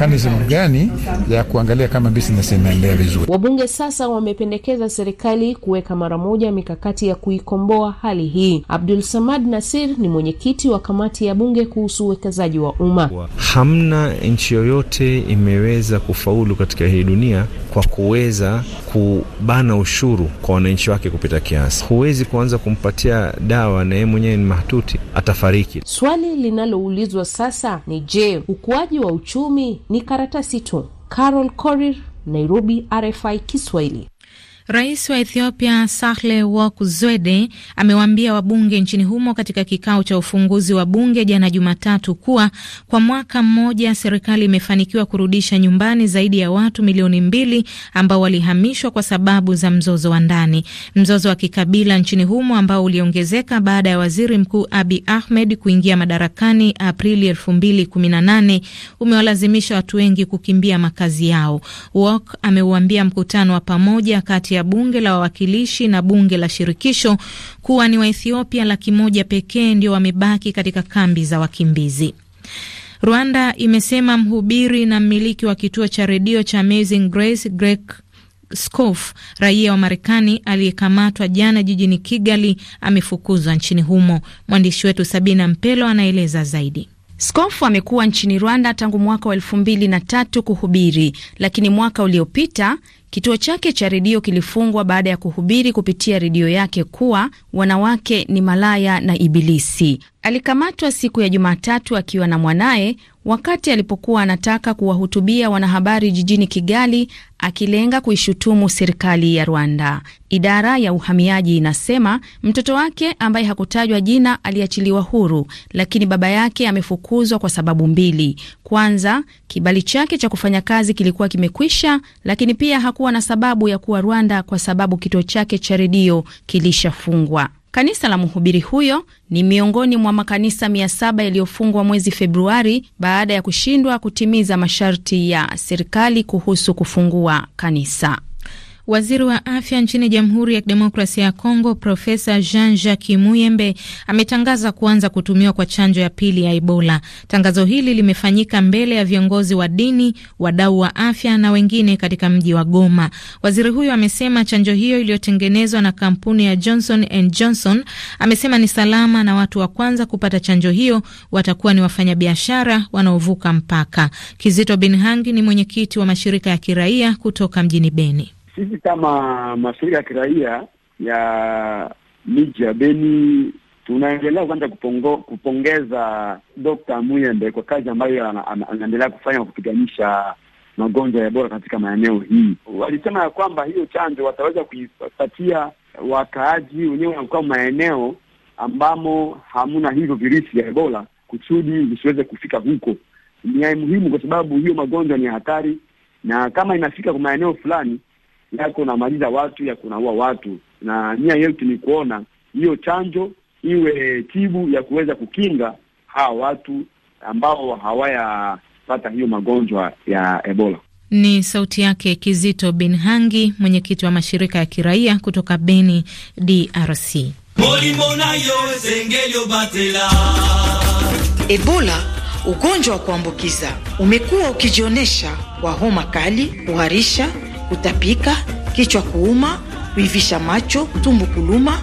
mekanism gani ya kuangalia kama business inaendelea vizuri. Wabunge sasa wamependekeza serikali kuweka mara moja mikakati ya kuikomboa hali hii. Abdul Samad Nasir ni mwenyekiti wa kamati ya bunge kuhusu uwekezaji wa umma. Hamna nchi yoyote imeweza kufaulu katika hii dunia kwa kuweza kubana ushuru kwa wananchi wake kupita kiasi. Huwezi kuanza kumpatia dawa na yeye mwenyewe ni mahututi, atafariki. Swali linaloulizwa sasa ni je, ukuaji wa uchumi ni karatasi tu. Carol Korir, Nairobi, RFI Kiswahili. Rais wa Ethiopia Sahle Work zwede amewaambia wabunge nchini humo katika kikao cha ufunguzi wa bunge jana Jumatatu kuwa kwa mwaka mmoja serikali imefanikiwa kurudisha nyumbani zaidi ya watu milioni mbili ambao walihamishwa kwa sababu za mzozo wa ndani. Mzozo wa kikabila nchini humo ambao uliongezeka baada ya waziri mkuu Abi Ahmed kuingia madarakani Aprili 218 umewalazimisha watu wengi kukimbia makazi yao. Work ameuambia mkutano wa pamoja kati ya ya bunge la wawakilishi na bunge la shirikisho kuwa ni Waethiopia laki moja pekee ndio wamebaki katika kambi za wakimbizi. Rwanda imesema mhubiri na mmiliki wa kituo cha redio cha Amazing Grace Greg Scof, raia wa Marekani aliyekamatwa jana jijini Kigali, amefukuzwa nchini humo. Mwandishi wetu Sabina Mpelo anaeleza zaidi. Skofu amekuwa nchini Rwanda tangu mwaka wa elfu mbili na tatu kuhubiri, lakini mwaka uliopita Kituo chake cha redio kilifungwa baada ya kuhubiri kupitia redio yake kuwa wanawake ni malaya na ibilisi. Alikamatwa siku ya Jumatatu akiwa na mwanaye wakati alipokuwa anataka kuwahutubia wanahabari jijini Kigali, akilenga kuishutumu serikali ya Rwanda. Idara ya uhamiaji inasema mtoto wake ambaye hakutajwa jina aliachiliwa huru, lakini baba yake amefukuzwa kwa sababu mbili. Kwanza, kibali chake cha kufanya kazi kilikuwa kimekwisha, lakini pia hakuwa na sababu ya kuwa Rwanda kwa sababu kituo chake cha redio kilishafungwa. Kanisa la mhubiri huyo ni miongoni mwa makanisa mia saba yaliyofungwa mwezi Februari baada ya kushindwa kutimiza masharti ya serikali kuhusu kufungua kanisa. Waziri wa afya nchini Jamhuri ya Kidemokrasia ya Kongo, Profesa Jean Jacques Muyembe ametangaza kuanza kutumiwa kwa chanjo ya pili ya Ebola. Tangazo hili limefanyika mbele ya viongozi wa dini, wadau wa afya na wengine katika mji wa Goma. Waziri huyo amesema chanjo hiyo iliyotengenezwa na kampuni ya Johnson and Johnson, amesema ni salama na watu wa kwanza kupata chanjo hiyo watakuwa ni wafanyabiashara wanaovuka mpaka. Kizito Binhangi ni mwenyekiti wa mashirika ya kiraia kutoka mjini Beni sisi kama mashirika ya kiraia ya miji ya Beni tunaendelea kwanza kupongeza Dr. Muyembe kwa kazi ambayo anaendelea kufanya kupiganisha magonjwa ya bora katika maeneo hii. Walisema ya kwamba hiyo chanjo wataweza kuipatia wakaaji wenyewe wanakuwa maeneo ambamo hamuna hivyo virusi vya Ebola kusudi visiweze kufika huko. Ni muhimu kwa sababu hiyo magonjwa ni hatari, na kama inafika kwa maeneo fulani yako namaliza watu ya kunaua watu, na nia yetu ni kuona hiyo chanjo iwe tibu ya kuweza kukinga hawa watu ambao hawayapata hiyo magonjwa ya Ebola. Ni sauti yake Kizito Bin Hangi, mwenyekiti wa mashirika ya kiraia kutoka Beni, DRC. Ebola, ugonjwa wa kuambukiza umekuwa ukijionyesha kwa homa kali, kuharisha kutapika, kichwa kuuma, kuivisha macho, tumbo kuluma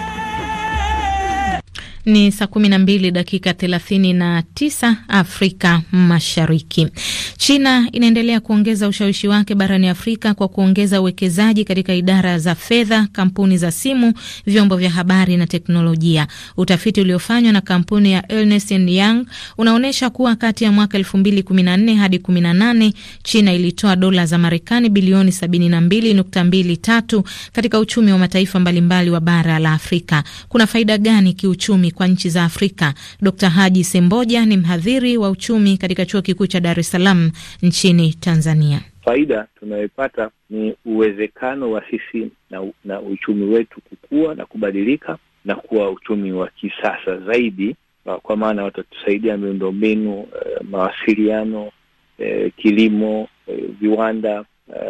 Ni saa 12 dakika 39 Afrika Mashariki. China inaendelea kuongeza ushawishi wake barani Afrika kwa kuongeza uwekezaji katika idara za fedha, kampuni za simu, vyombo vya habari na teknolojia. Utafiti uliofanywa na kampuni ya Ernst and Young unaonyesha kuwa kati ya mwaka 2014 hadi 18 China ilitoa dola za Marekani bilioni 72.23 katika uchumi wa mataifa mbalimbali wa bara la Afrika. Kuna faida gani kiuchumi kwa nchi za Afrika. Dr Haji Semboja ni mhadhiri wa uchumi katika chuo kikuu cha Dar es Salaam nchini Tanzania. Faida tunayoipata ni uwezekano wa sisi na, na uchumi wetu kukua na kubadilika na kuwa uchumi wa kisasa zaidi, kwa maana watatusaidia miundombinu, eh, mawasiliano, eh, kilimo, eh, viwanda,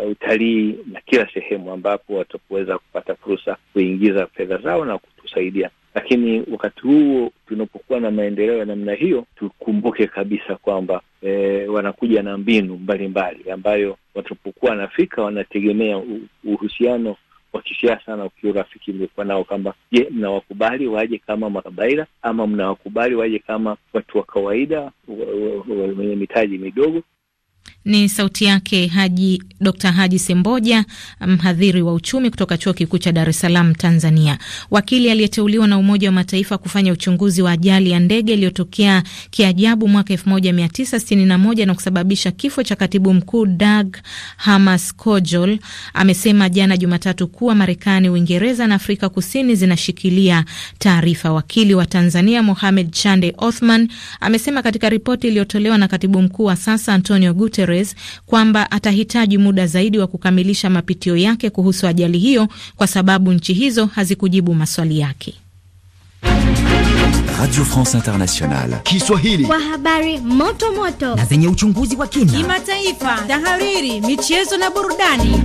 Uh, utalii na kila sehemu ambapo watakuweza kupata fursa kuingiza fedha zao na kutusaidia lakini wakati huo tunapokuwa na maendeleo ya namna hiyo, tukumbuke kabisa kwamba e, wanakuja na mbinu mbalimbali mbali, ambayo watapokuwa wanafika wanategemea uhusiano wa kisiasa na kiurafiki mliokuwa nao, kwamba je, mnawakubali waje kama makabaila ama mnawakubali waje kama watu wa kawaida wenye mitaji midogo, ni sauti yake Haji, Dr Haji Semboja, mhadhiri wa uchumi kutoka chuo kikuu cha Dar es Salaam, Tanzania. Wakili aliyeteuliwa na Umoja wa Mataifa kufanya uchunguzi wa ajali ya ndege iliyotokea kiajabu mwaka 1961 na kusababisha kifo cha katibu mkuu Dag Hammarskjöld amesema jana Jumatatu kuwa Marekani, Uingereza na Afrika Kusini zinashikilia taarifa. Wakili wa Tanzania Mohamed Chande Othman amesema katika ripoti iliyotolewa na katibu mkuu wa sasa Antonio Guterres Guterres kwamba atahitaji muda zaidi wa kukamilisha mapitio yake kuhusu ajali hiyo kwa sababu nchi hizo hazikujibu maswali yake. Radio France Internationale Kiswahili kwa habari moto moto na zenye uchunguzi wa kina, kimataifa, tahariri, michezo na burudani.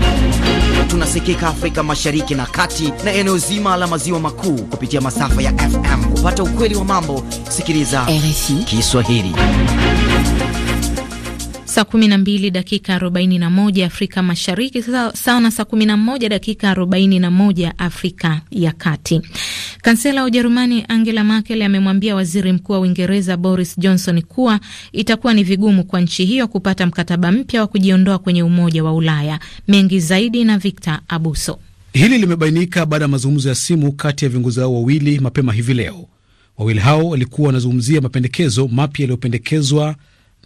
Tunasikika Afrika Mashariki na Kati na eneo zima la maziwa makuu kupitia masafa ya FM. Kupata ukweli wa mambo, sikiliza RFI Kiswahili saa 12 dakika 41 Afrika Mashariki, sawa na saa 11 dakika 41 Afrika ya Kati. Kansela wa Ujerumani Angela Merkel amemwambia waziri mkuu wa Uingereza Boris Johnson kuwa itakuwa ni vigumu kwa nchi hiyo kupata mkataba mpya wa kujiondoa kwenye Umoja wa Ulaya. Mengi zaidi na Victor Abuso. Hili limebainika baada ya mazungumzo ya simu kati ya viongozi hao wawili mapema hivi leo. Wawili hao walikuwa wanazungumzia mapendekezo mapya yaliyopendekezwa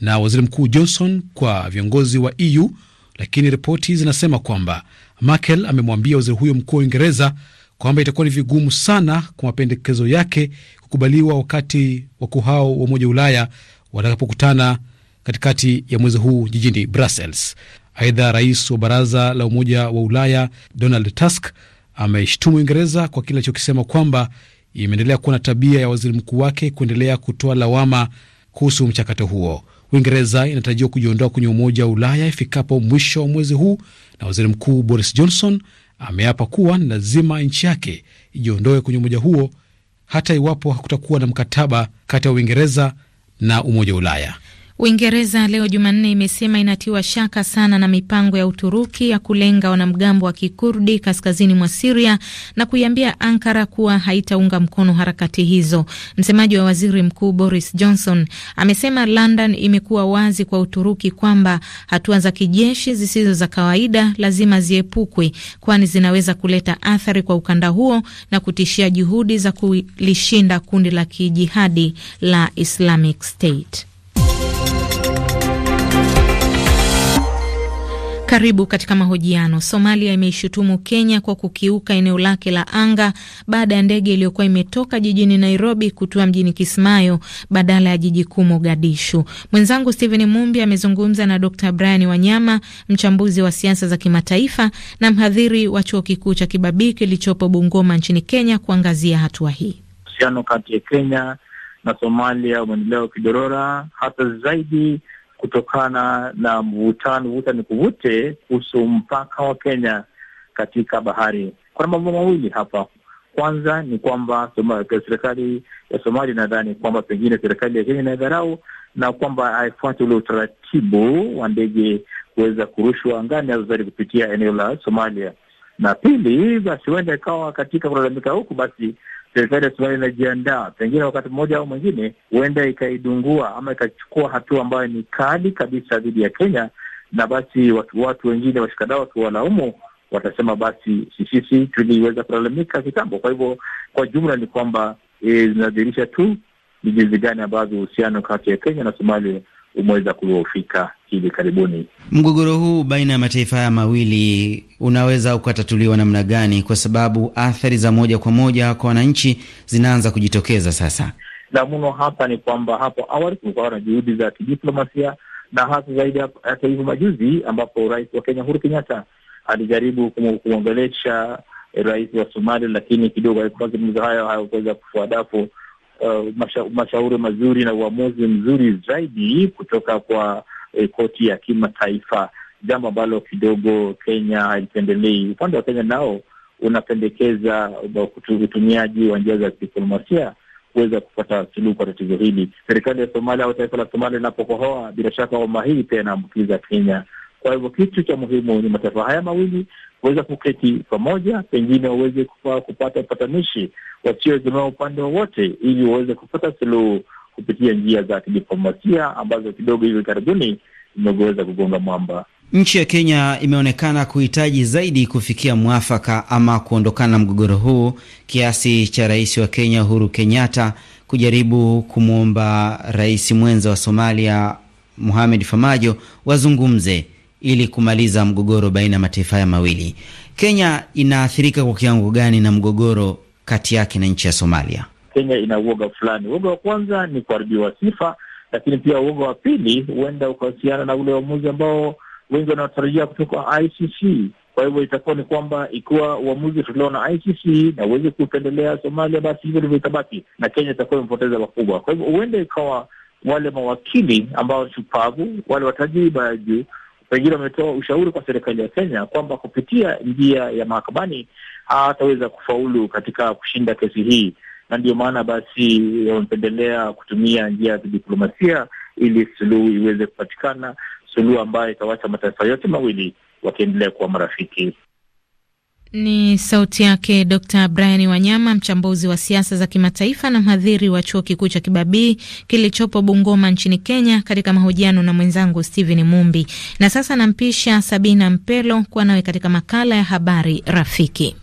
na waziri mkuu Johnson kwa viongozi wa EU, lakini ripoti zinasema kwamba Merkel amemwambia waziri huyo mkuu wa Uingereza kwamba itakuwa ni vigumu sana kwa mapendekezo yake kukubaliwa wakati wakuu hao wa Umoja wa Ulaya watakapokutana katikati ya mwezi huu jijini Brussels. Aidha, rais wa baraza la Umoja wa Ulaya Donald Tusk ameshtumu Uingereza kwa kile alichokisema kwamba imeendelea kuwa na tabia ya waziri mkuu wake kuendelea kutoa lawama kuhusu mchakato huo. Uingereza inatarajiwa kujiondoa kwenye Umoja wa Ulaya ifikapo mwisho wa mwezi huu, na waziri mkuu Boris Johnson ameapa kuwa ni lazima nchi yake ijiondoe kwenye umoja huo hata iwapo hakutakuwa na mkataba kati ya Uingereza na Umoja wa Ulaya. Uingereza leo Jumanne imesema inatiwa shaka sana na mipango ya Uturuki ya kulenga wanamgambo wa kikurdi kaskazini mwa Siria na kuiambia Ankara kuwa haitaunga mkono harakati hizo. Msemaji wa waziri mkuu Boris Johnson amesema London imekuwa wazi kwa Uturuki kwamba hatua za kijeshi zisizo za kawaida lazima ziepukwe, kwani zinaweza kuleta athari kwa ukanda huo na kutishia juhudi za kulishinda kundi la kijihadi la Islamic State. Karibu katika mahojiano. Somalia imeishutumu Kenya kwa kukiuka eneo lake la anga baada ya ndege iliyokuwa imetoka jijini Nairobi kutua mjini Kismayo badala ya jiji kuu Mogadishu. Mwenzangu Stephen Mumbi amezungumza na Dr Brian Wanyama, mchambuzi wa siasa za kimataifa na mhadhiri wa chuo kikuu cha Kibabii kilichopo Bungoma nchini Kenya, kuangazia hatua hii. Uhusiano kati ya Kenya na Somalia umeendelea kudorora hata zaidi kutokana na mvutano vuta ni kuvute kuhusu mpaka wa Kenya katika bahari. Kuna mambo mawili hapa. Kwanza ni kwamba serikali ya Somalia inadhani kwamba pengine serikali ya Kenya inadharau na kwamba haifuati ule utaratibu wa ndege kuweza kurushwa angani azozari kupitia eneo la Somalia, na pili basi huenda ikawa katika kulalamika huku basi serikali ya Somalia inajiandaa, pengine wakati mmoja au mwingine, huenda ikaidungua ama ikachukua hatua ambayo ni kali kabisa dhidi ya Kenya, na basi watu, watu wengine washikadao wakiwalaumu watasema basi sisi tuliweza kulalamika kitambo. Kwa hivyo kwa jumla ni kwamba e, zinadhihirisha e, tu ni jinsi gani ambavyo uhusiano kati ya Kenya na Somalia umeweza kudhoofika hivi karibuni. Mgogoro huu baina ya mataifa haya mawili unaweza ukatatuliwa namna gani? Kwa sababu athari za moja kwa moja kwa wananchi zinaanza kujitokeza sasa. La muno hapa ni kwamba hapo awali kulikuwa na juhudi za kidiplomasia na hasa zaidi hata hivyo majuzi, ambapo rais wa Kenya Uhuru Kenyatta alijaribu kumwongelesha eh, rais wa Somalia, lakini kidogo mazungumzo hayo hayakuweza kufua dafu. Uh, masha, mashauri mazuri na uamuzi mzuri zaidi kutoka kwa eh, koti ya kimataifa, jambo ambalo kidogo Kenya haipendelei. Upande wa Kenya nao unapendekeza utumiaji wa njia za kidiplomasia kuweza kupata suluhu kwa tatizo hili. Serikali ya Somalia au taifa la Somalia linapokohoa, bila shaka homa hii pia inaambukiza Kenya. Kwa hivyo kitu cha muhimu ni mataifa haya mawili kuweza kuketi pamoja, pengine waweze kupata upatanishi wasioegemea upande wowote, ili waweze kupata suluhu kupitia njia za kidiplomasia ambazo kidogo hivi karibuni zimeweza kugonga mwamba. Nchi ya Kenya imeonekana kuhitaji zaidi kufikia mwafaka ama kuondokana na mgogoro huu kiasi cha rais wa Kenya Uhuru Kenyatta kujaribu kumwomba rais mwenza wa Somalia Mohamed Farmajo wazungumze ili kumaliza mgogoro baina ya mataifa haya mawili. Kenya inaathirika kwa kiwango gani na mgogoro kati yake na nchi ya Somalia? Kenya ina uoga fulani. Uoga wa kwanza ni kuharibiwa sifa, lakini pia uoga wa pili huenda ukahusiana na ule uamuzi ambao wengi wanaotarajia kutoka ICC. Kwa hivyo itakuwa ni kwamba ikiwa uamuzi utatolewa na ICC na uweze kupendelea Somalia, basi hivyo ndivyo itabaki, na Kenya itakuwa imepoteza pakubwa. Kwa hivyo huenda ikawa wale mawakili ambao shupavu, wale watajiriba ya juu pengine wametoa ushauri kwa serikali ya Kenya kwamba kupitia njia ya mahakamani hataweza kufaulu katika kushinda kesi hii na ndio maana basi eh, wamependelea kutumia njia ya kidiplomasia ili suluhu iweze kupatikana, suluhu ambayo itawacha mataifa yote mawili wakiendelea kuwa marafiki. Ni sauti yake Dr Brian Wanyama, mchambuzi wa siasa za kimataifa na mhadhiri wa chuo kikuu cha Kibabii kilichopo Bungoma nchini Kenya, katika mahojiano na mwenzangu Stephen Mumbi. Na sasa nampisha Sabina Mpelo kuwa nawe katika makala ya habari rafiki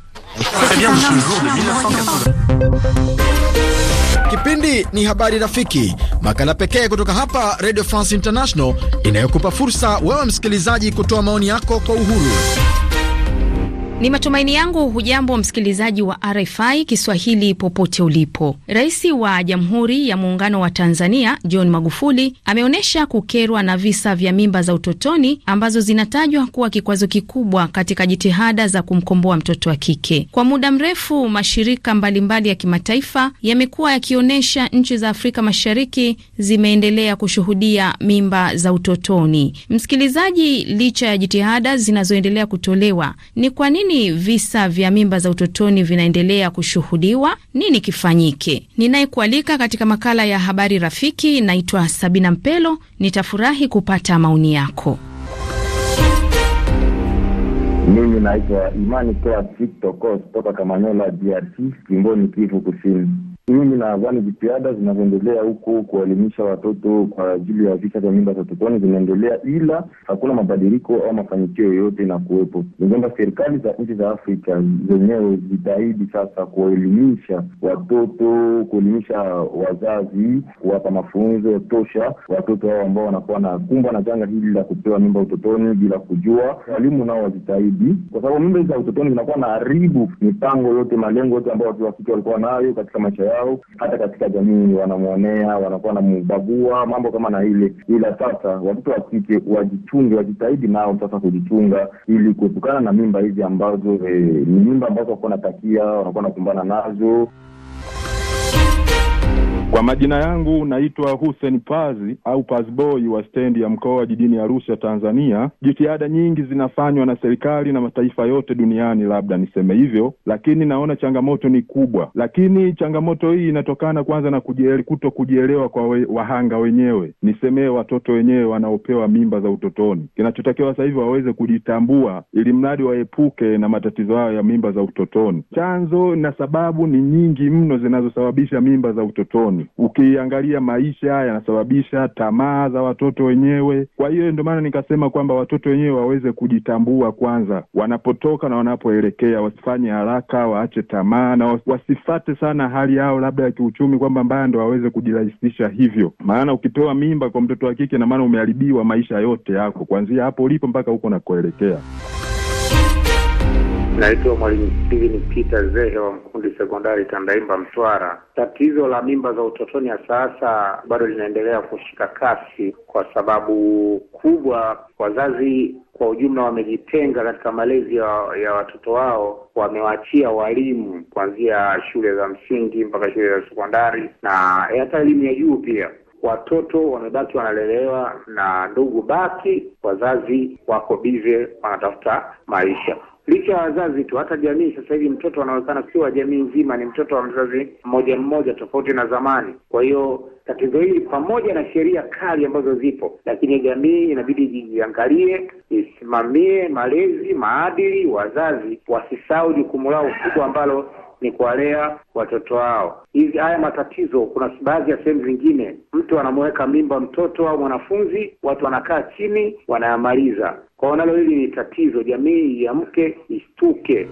bien jour de 1980. Kipindi ni habari rafiki, makala pekee kutoka hapa Radio France International inayokupa fursa wewe msikilizaji kutoa maoni yako kwa uhuru. Ni matumaini yangu hujambo msikilizaji wa RFI Kiswahili popote ulipo. Rais wa Jamhuri ya Muungano wa Tanzania John Magufuli ameonyesha kukerwa na visa vya mimba za utotoni ambazo zinatajwa kuwa kikwazo kikubwa katika jitihada za kumkomboa mtoto wa kike. Kwa muda mrefu, mashirika mbalimbali mbali ya kimataifa yamekuwa yakionyesha nchi za Afrika Mashariki zimeendelea kushuhudia mimba za utotoni. Msikilizaji, licha ya jitihada zinazoendelea kutolewa, ni kwa nini nini visa vya mimba za utotoni vinaendelea kushuhudiwa? Nini kifanyike? Ninayekualika katika makala ya habari rafiki, naitwa Sabina Mpelo. Nitafurahi kupata maoni yako. Mimi naitwa Imani Toa Victor Kos toka Kamanyola, DRC, jimboni Kivu Kusini. Mimi nadhani jitihada zinazoendelea huku kuwaelimisha watoto kwa ajili ya visa vya mimba za utotoni zinaendelea, ila hakuna mabadiliko au mafanikio yoyote na kuwepo kwamba serikali za nchi za Afrika zenyewe zitahidi sasa kuwaelimisha watoto, kuelimisha wazazi, kuwapa mafunzo tosha watoto hao ambao wanakuwa nakumbwa na janga hili la kupewa mimba utotoni bila kujua. Walimu nao wajitahidi, kwa sababu mimba za utotoni zinakuwa na haribu mipango yote, malengo yote ambao watu wa kike walikuwa nayo katika maisha yao au hata katika jamii wanamwonea, wanakuwa wanamubagua mambo kama na ile. Ila sasa watoto wa kike wajichunge, wajitahidi nao sasa kujichunga, ili kuepukana na mimba hizi ambazo eh, ni e, mimba ambazo wanakuwa wanatakia, wanakuwa wanakumbana nazo. Kwa majina yangu naitwa Hussein Pazi au Pazboy wa stendi ya mkoa jijini Arusha, Tanzania. Jitihada nyingi zinafanywa na serikali na mataifa yote duniani, labda niseme hivyo, lakini naona changamoto ni kubwa. Lakini changamoto hii inatokana kwanza na kujiele, kuto kujielewa kwa we, wahanga wenyewe, nisemee watoto wenyewe wanaopewa mimba za utotoni. Kinachotakiwa sasa hivi waweze kujitambua, ili mradi waepuke na matatizo hayo ya mimba za utotoni. Chanzo na sababu ni nyingi mno zinazosababisha mimba za utotoni uchumi. Ukiangalia maisha yanasababisha tamaa za watoto wenyewe. Kwa hiyo ndio maana nikasema kwamba watoto wenyewe waweze kujitambua kwanza, wanapotoka na wanapoelekea, wasifanye haraka, waache tamaa na wasifate sana hali yao labda ya kiuchumi kwamba mbaya, ndo waweze kujirahisisha hivyo. Maana ukitoa mimba kwa mtoto wa kike, na maana umeharibiwa maisha yote yako kuanzia hapo ulipo mpaka huko nakoelekea. Naitwa Mwalimu Steven Peter Zehe wa Mkundi Sekondari Tandaimba, Mtwara. Tatizo la mimba za utotoni ya sasa bado linaendelea kushika kasi, kwa sababu kubwa wazazi kwa ujumla wamejitenga katika malezi ya, ya watoto wao, wamewachia walimu kuanzia shule za msingi mpaka shule za sekondari na hata elimu ya juu pia watoto wamebaki wanalelewa na ndugu baki, wazazi wako bize wanatafuta maisha licha ya wazazi tu, hata jamii sasa hivi mtoto anaonekana sio wa jamii nzima, ni mtoto wa mzazi mmoja mmoja, tofauti na zamani. Kwa hiyo tatizo hili pamoja na sheria kali ambazo zipo, lakini jamii inabidi jiangalie isimamie malezi, maadili, wazazi wasisahau jukumu lao kubwa ambalo ni kuwalea watoto wao. Hizi haya matatizo, kuna baadhi ya sehemu zingine mtu anamuweka mimba mtoto au mwanafunzi, watu wanakaa chini wanayamaliza. Kwa nalo hili ni tatizo, jamii iamke, istuke.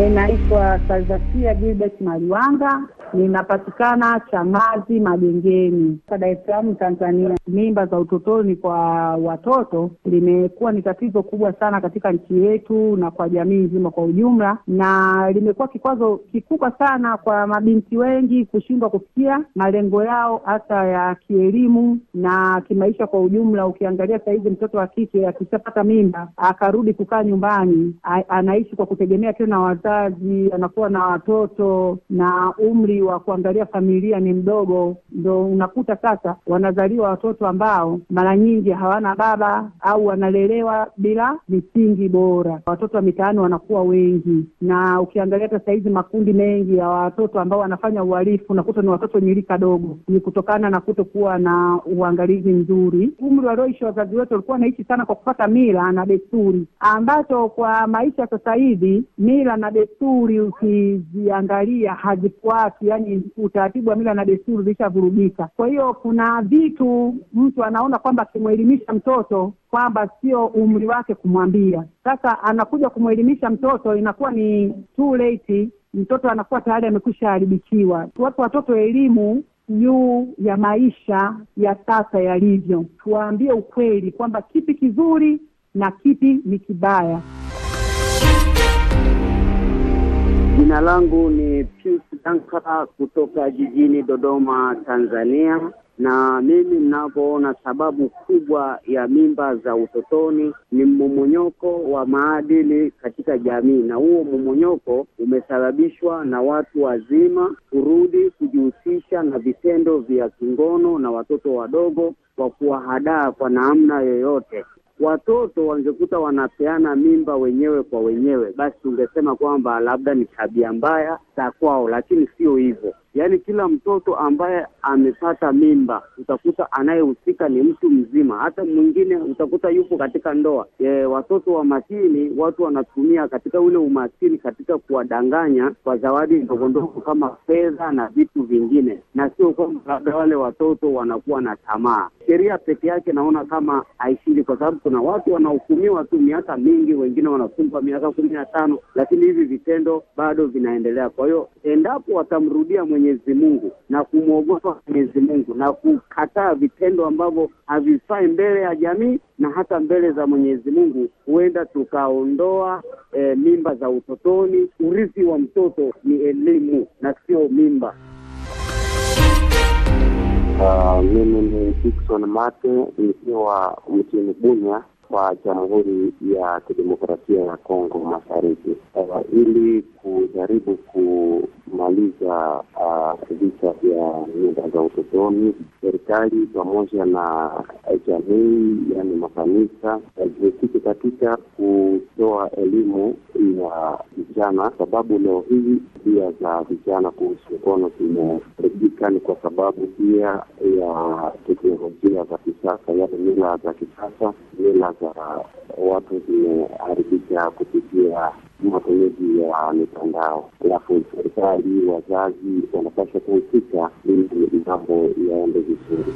Ninaitwa eh, Salvasia Gilbert Maliwanga, ninapatikana Chamazi Magengeni, Dar es Salaam, Tanzania. Mimba za utotoni kwa watoto limekuwa ni tatizo kubwa sana katika nchi yetu na kwa jamii nzima kwa ujumla, na limekuwa kikwazo kikubwa sana kwa mabinti wengi kushindwa kufikia malengo yao hasa ya kielimu na kimaisha kwa ujumla. Ukiangalia saa hizi mtoto wa kike akishapata mimba akarudi kukaa nyumbani, anaishi kwa kutegemea tena wazazi kazi, anakuwa na watoto na umri wa kuangalia familia ni mdogo, ndo unakuta sasa wanazaliwa watoto ambao mara nyingi hawana baba au wanalelewa bila misingi bora. Watoto wa mitaani wanakuwa wengi, na ukiangalia hata sahizi makundi mengi ya watoto ambao wanafanya uhalifu unakuta ni watoto wenye rika dogo, ni kutokana na kutokuwa na uangalizi mzuri. Umri walioishi wazazi wetu walikuwa wanaishi sana kwa kufata mila na desturi, ambacho kwa maisha sasa hivi mila na desturi ukiziangalia hazifuatwi, yani utaratibu wa mila na desturi zishavurugika. Kwa hiyo kuna vitu mtu anaona kwamba akimwelimisha mtoto kwamba sio umri wake kumwambia, sasa anakuja kumwelimisha mtoto inakuwa ni too late, mtoto anakuwa tayari amekwisha haribikiwa. Tuwape watoto elimu juu ya maisha ya sasa yalivyo, tuwaambie ukweli kwamba kipi kizuri na kipi ni kibaya. Jina langu ni Pius Dankara kutoka jijini Dodoma, Tanzania. Na mimi mnavyoona, sababu kubwa ya mimba za utotoni ni mmomonyoko wa maadili katika jamii, na huo mmomonyoko umesababishwa na watu wazima kurudi kujihusisha na vitendo vya kingono na watoto wadogo kwa kuwahadaa kwa namna yoyote watoto wangekuta wanapeana mimba wenyewe kwa wenyewe, basi tungesema kwamba labda ni tabia mbaya za kwao, lakini sio hivyo. Yaani kila mtoto ambaye amepata mimba utakuta anayehusika ni mtu mzima, hata mwingine utakuta yupo katika ndoa. E, watoto wa maskini watu wanatumia katika ule umaskini katika kuwadanganya kwa zawadi ndogo ndogo kama fedha na vitu vingine, na sio kwamba labda wale watoto wanakuwa na tamaa. Sheria peke yake naona kama haishindi, kwa sababu kuna watu wanahukumiwa tu miaka mingi, wengine wanafungwa miaka kumi na tano, lakini hivi vitendo bado vinaendelea. Kwa hiyo endapo watamrudia mwenye Mwenyezi Mungu na kumwogopa Mwenyezi Mungu na kukataa vitendo ambavyo havifai mbele ya jamii na hata mbele za Mwenyezi Mungu, huenda tukaondoa e, mimba za utotoni. Urithi wa mtoto ni elimu na sio mimba. Ah, mimi ni Dickson Mate nikiwa mjini Bunya kwa Jamhuri ya Kidemokrasia ya Kongo Mashariki uh, ili kujaribu kumaliza uh, vita uh, vya nyumba za utotoni. Serikali pamoja na jamii, yani makanisa, uh, katika kutoa elimu ya vijana, sababu leo hii pia za vijana kuhusu mkono zimeharibika, ni kwa sababu pia ya teknolojia za kisasa, yani mila za kisasa, mila za watu zimeharibika kupitia matumizi ya mitandao. Alafu serikali, wazazi wanapaswa kuhusika ili mambo yaende vizuri.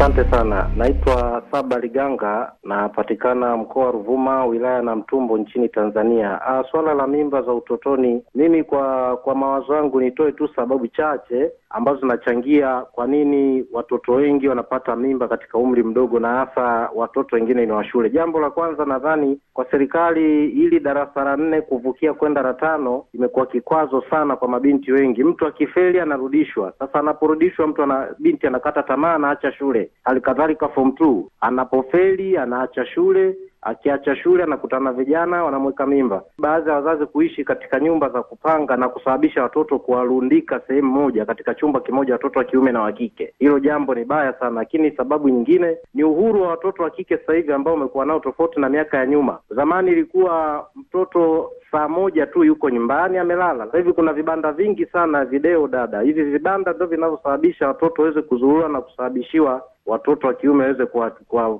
Asante sana. Naitwa Saba Liganga, napatikana mkoa wa Ruvuma, wilaya na mtumbo nchini Tanzania. suala ah, swala la mimba za utotoni, mimi kwa kwa mawazo yangu nitoe tu sababu chache ambazo zinachangia kwa nini watoto wengi wanapata mimba katika umri mdogo na hasa watoto wengine ni wa shule. Jambo la kwanza, nadhani kwa serikali, ili darasa la nne kuvukia kwenda la tano imekuwa kikwazo sana kwa mabinti wengi. Mtu akifeli anarudishwa. Sasa anaporudishwa, mtu ana binti anakata tamaa, anaacha shule. Hali kadhalika form two, anapofeli anaacha shule akiacha shule anakutana vijana wanamweka mimba. Baadhi ya wazazi kuishi katika nyumba za kupanga na kusababisha watoto kuwarundika sehemu moja katika chumba kimoja, watoto wa kiume na wa kike. Hilo jambo ni baya sana, lakini sababu nyingine ni uhuru wa watoto wa kike sasa hivi ambao umekuwa nao tofauti na miaka ya nyuma. Zamani ilikuwa mtoto saa moja tu yuko nyumbani amelala. Sasa hivi kuna vibanda vingi sana video dada, hivi vibanda ndo vinavyosababisha watoto waweze kuzurura na kusababishiwa watoto wa kiume waweze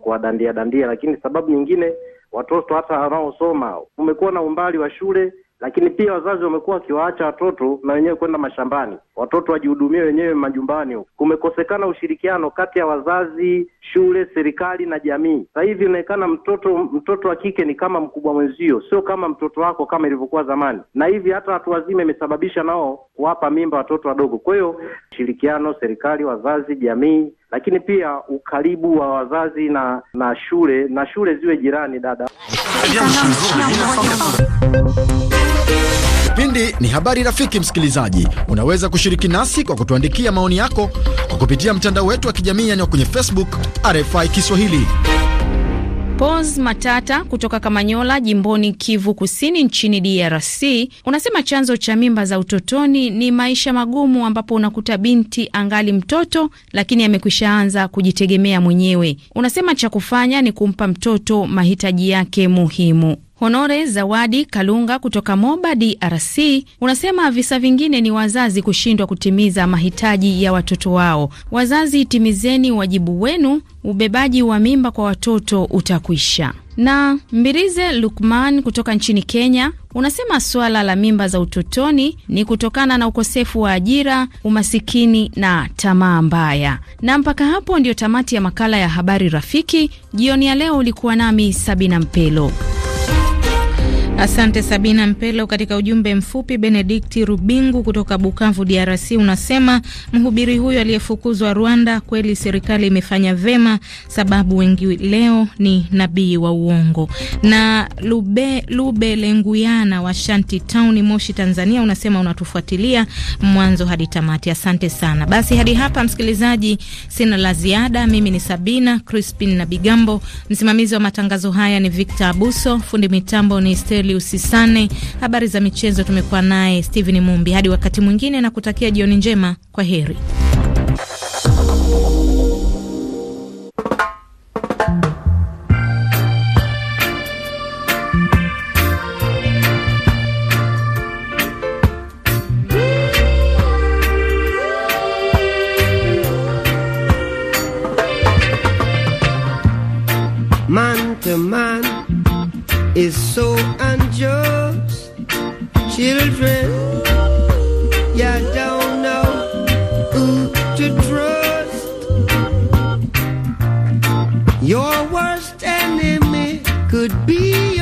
kuwadandia dandia, lakini sababu nyingine watoto hata wanaosoma umekuwa na umbali wa shule, lakini pia wazazi wamekuwa wakiwaacha watoto na wenyewe kwenda mashambani watoto wajihudumie wenyewe majumbani huko. Kumekosekana ushirikiano kati ya wazazi, shule, serikali na jamii. Sasa hivi inaonekana mtoto mtoto wa kike ni kama mkubwa mwenzio, sio kama mtoto wako kama ilivyokuwa zamani, na hivi hata watu wazima imesababisha nao kuwapa mimba watoto wadogo. Kwa hiyo ushirikiano, serikali, wazazi, jamii lakini pia ukaribu wa wazazi na na shule na shule ziwe jirani. Dada Kipindi ni habari rafiki. Msikilizaji, unaweza kushiriki nasi kwa kutuandikia maoni yako kwa kupitia mtandao wetu wa kijamii yani kwenye Facebook RFI Kiswahili. Pos Matata kutoka Kamanyola, jimboni Kivu Kusini, nchini DRC unasema chanzo cha mimba za utotoni ni maisha magumu, ambapo unakuta binti angali mtoto lakini amekwisha anza kujitegemea mwenyewe. Unasema cha kufanya ni kumpa mtoto mahitaji yake muhimu. Honore Zawadi Kalunga kutoka Moba, DRC, unasema visa vingine ni wazazi kushindwa kutimiza mahitaji ya watoto wao. Wazazi, timizeni wajibu wenu, ubebaji wa mimba kwa watoto utakwisha. Na Mbirize Lukman kutoka nchini Kenya unasema suala la mimba za utotoni ni kutokana na ukosefu wa ajira, umasikini na tamaa mbaya. Na mpaka hapo ndiyo tamati ya makala ya habari rafiki jioni ya leo. Ulikuwa nami Sabina Mpelo. Asante Sabina Mpelo. Katika ujumbe mfupi, Benedikti Rubingu kutoka Bukavu, DRC, unasema mhubiri huyo aliyefukuzwa Rwanda, kweli serikali imefanya vema, sababu wengi leo ni nabii wa uongo. Na Lube, Lube Lenguyana wa Shanti Town, Moshi, Tanzania, unasema unatufuatilia mwanzo hadi tamati. Asante sana. Basi hadi hapa, msikilizaji, sina la ziada. Mimi ni Sabina Crispin na Bigambo, msimamizi wa matangazo haya ni Victor Abuso, fundi mitambo ni Stel Emily Usisane. Habari za michezo tumekuwa naye Steven Mumbi. Hadi wakati mwingine, na kutakia jioni njema, kwa heri. Man to man is so unjust. Children, you don't know who to trust. Your worst enemy could be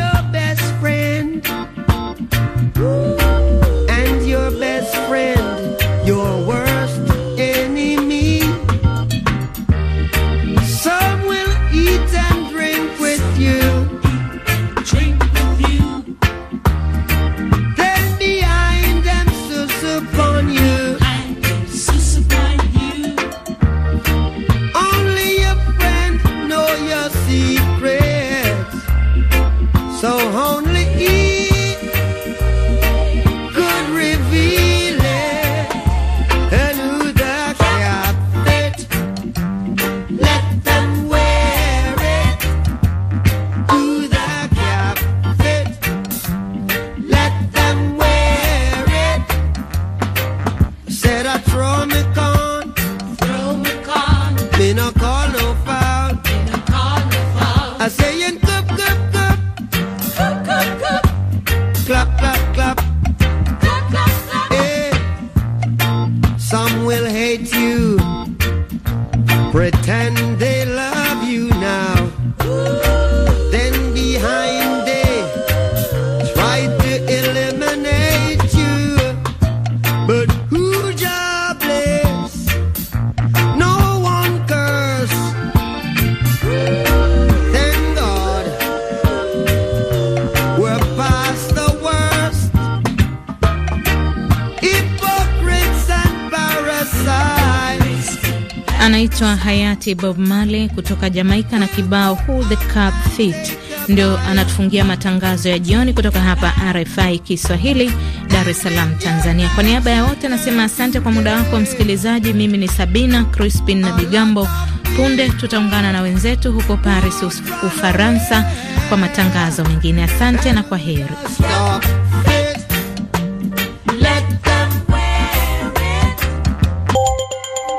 wakati Bob Marley kutoka Jamaika na kibao Who the Cub Fit ndio anatufungia matangazo ya jioni kutoka hapa RFI Kiswahili, Dar es Salaam, Tanzania. Kwa niaba ya wote nasema asante kwa muda wako msikilizaji. Mimi ni Sabina Crispin na Bigambo. Punde tutaungana na wenzetu huko Paris, Ufaransa, kwa matangazo mengine. Asante na kwa heri.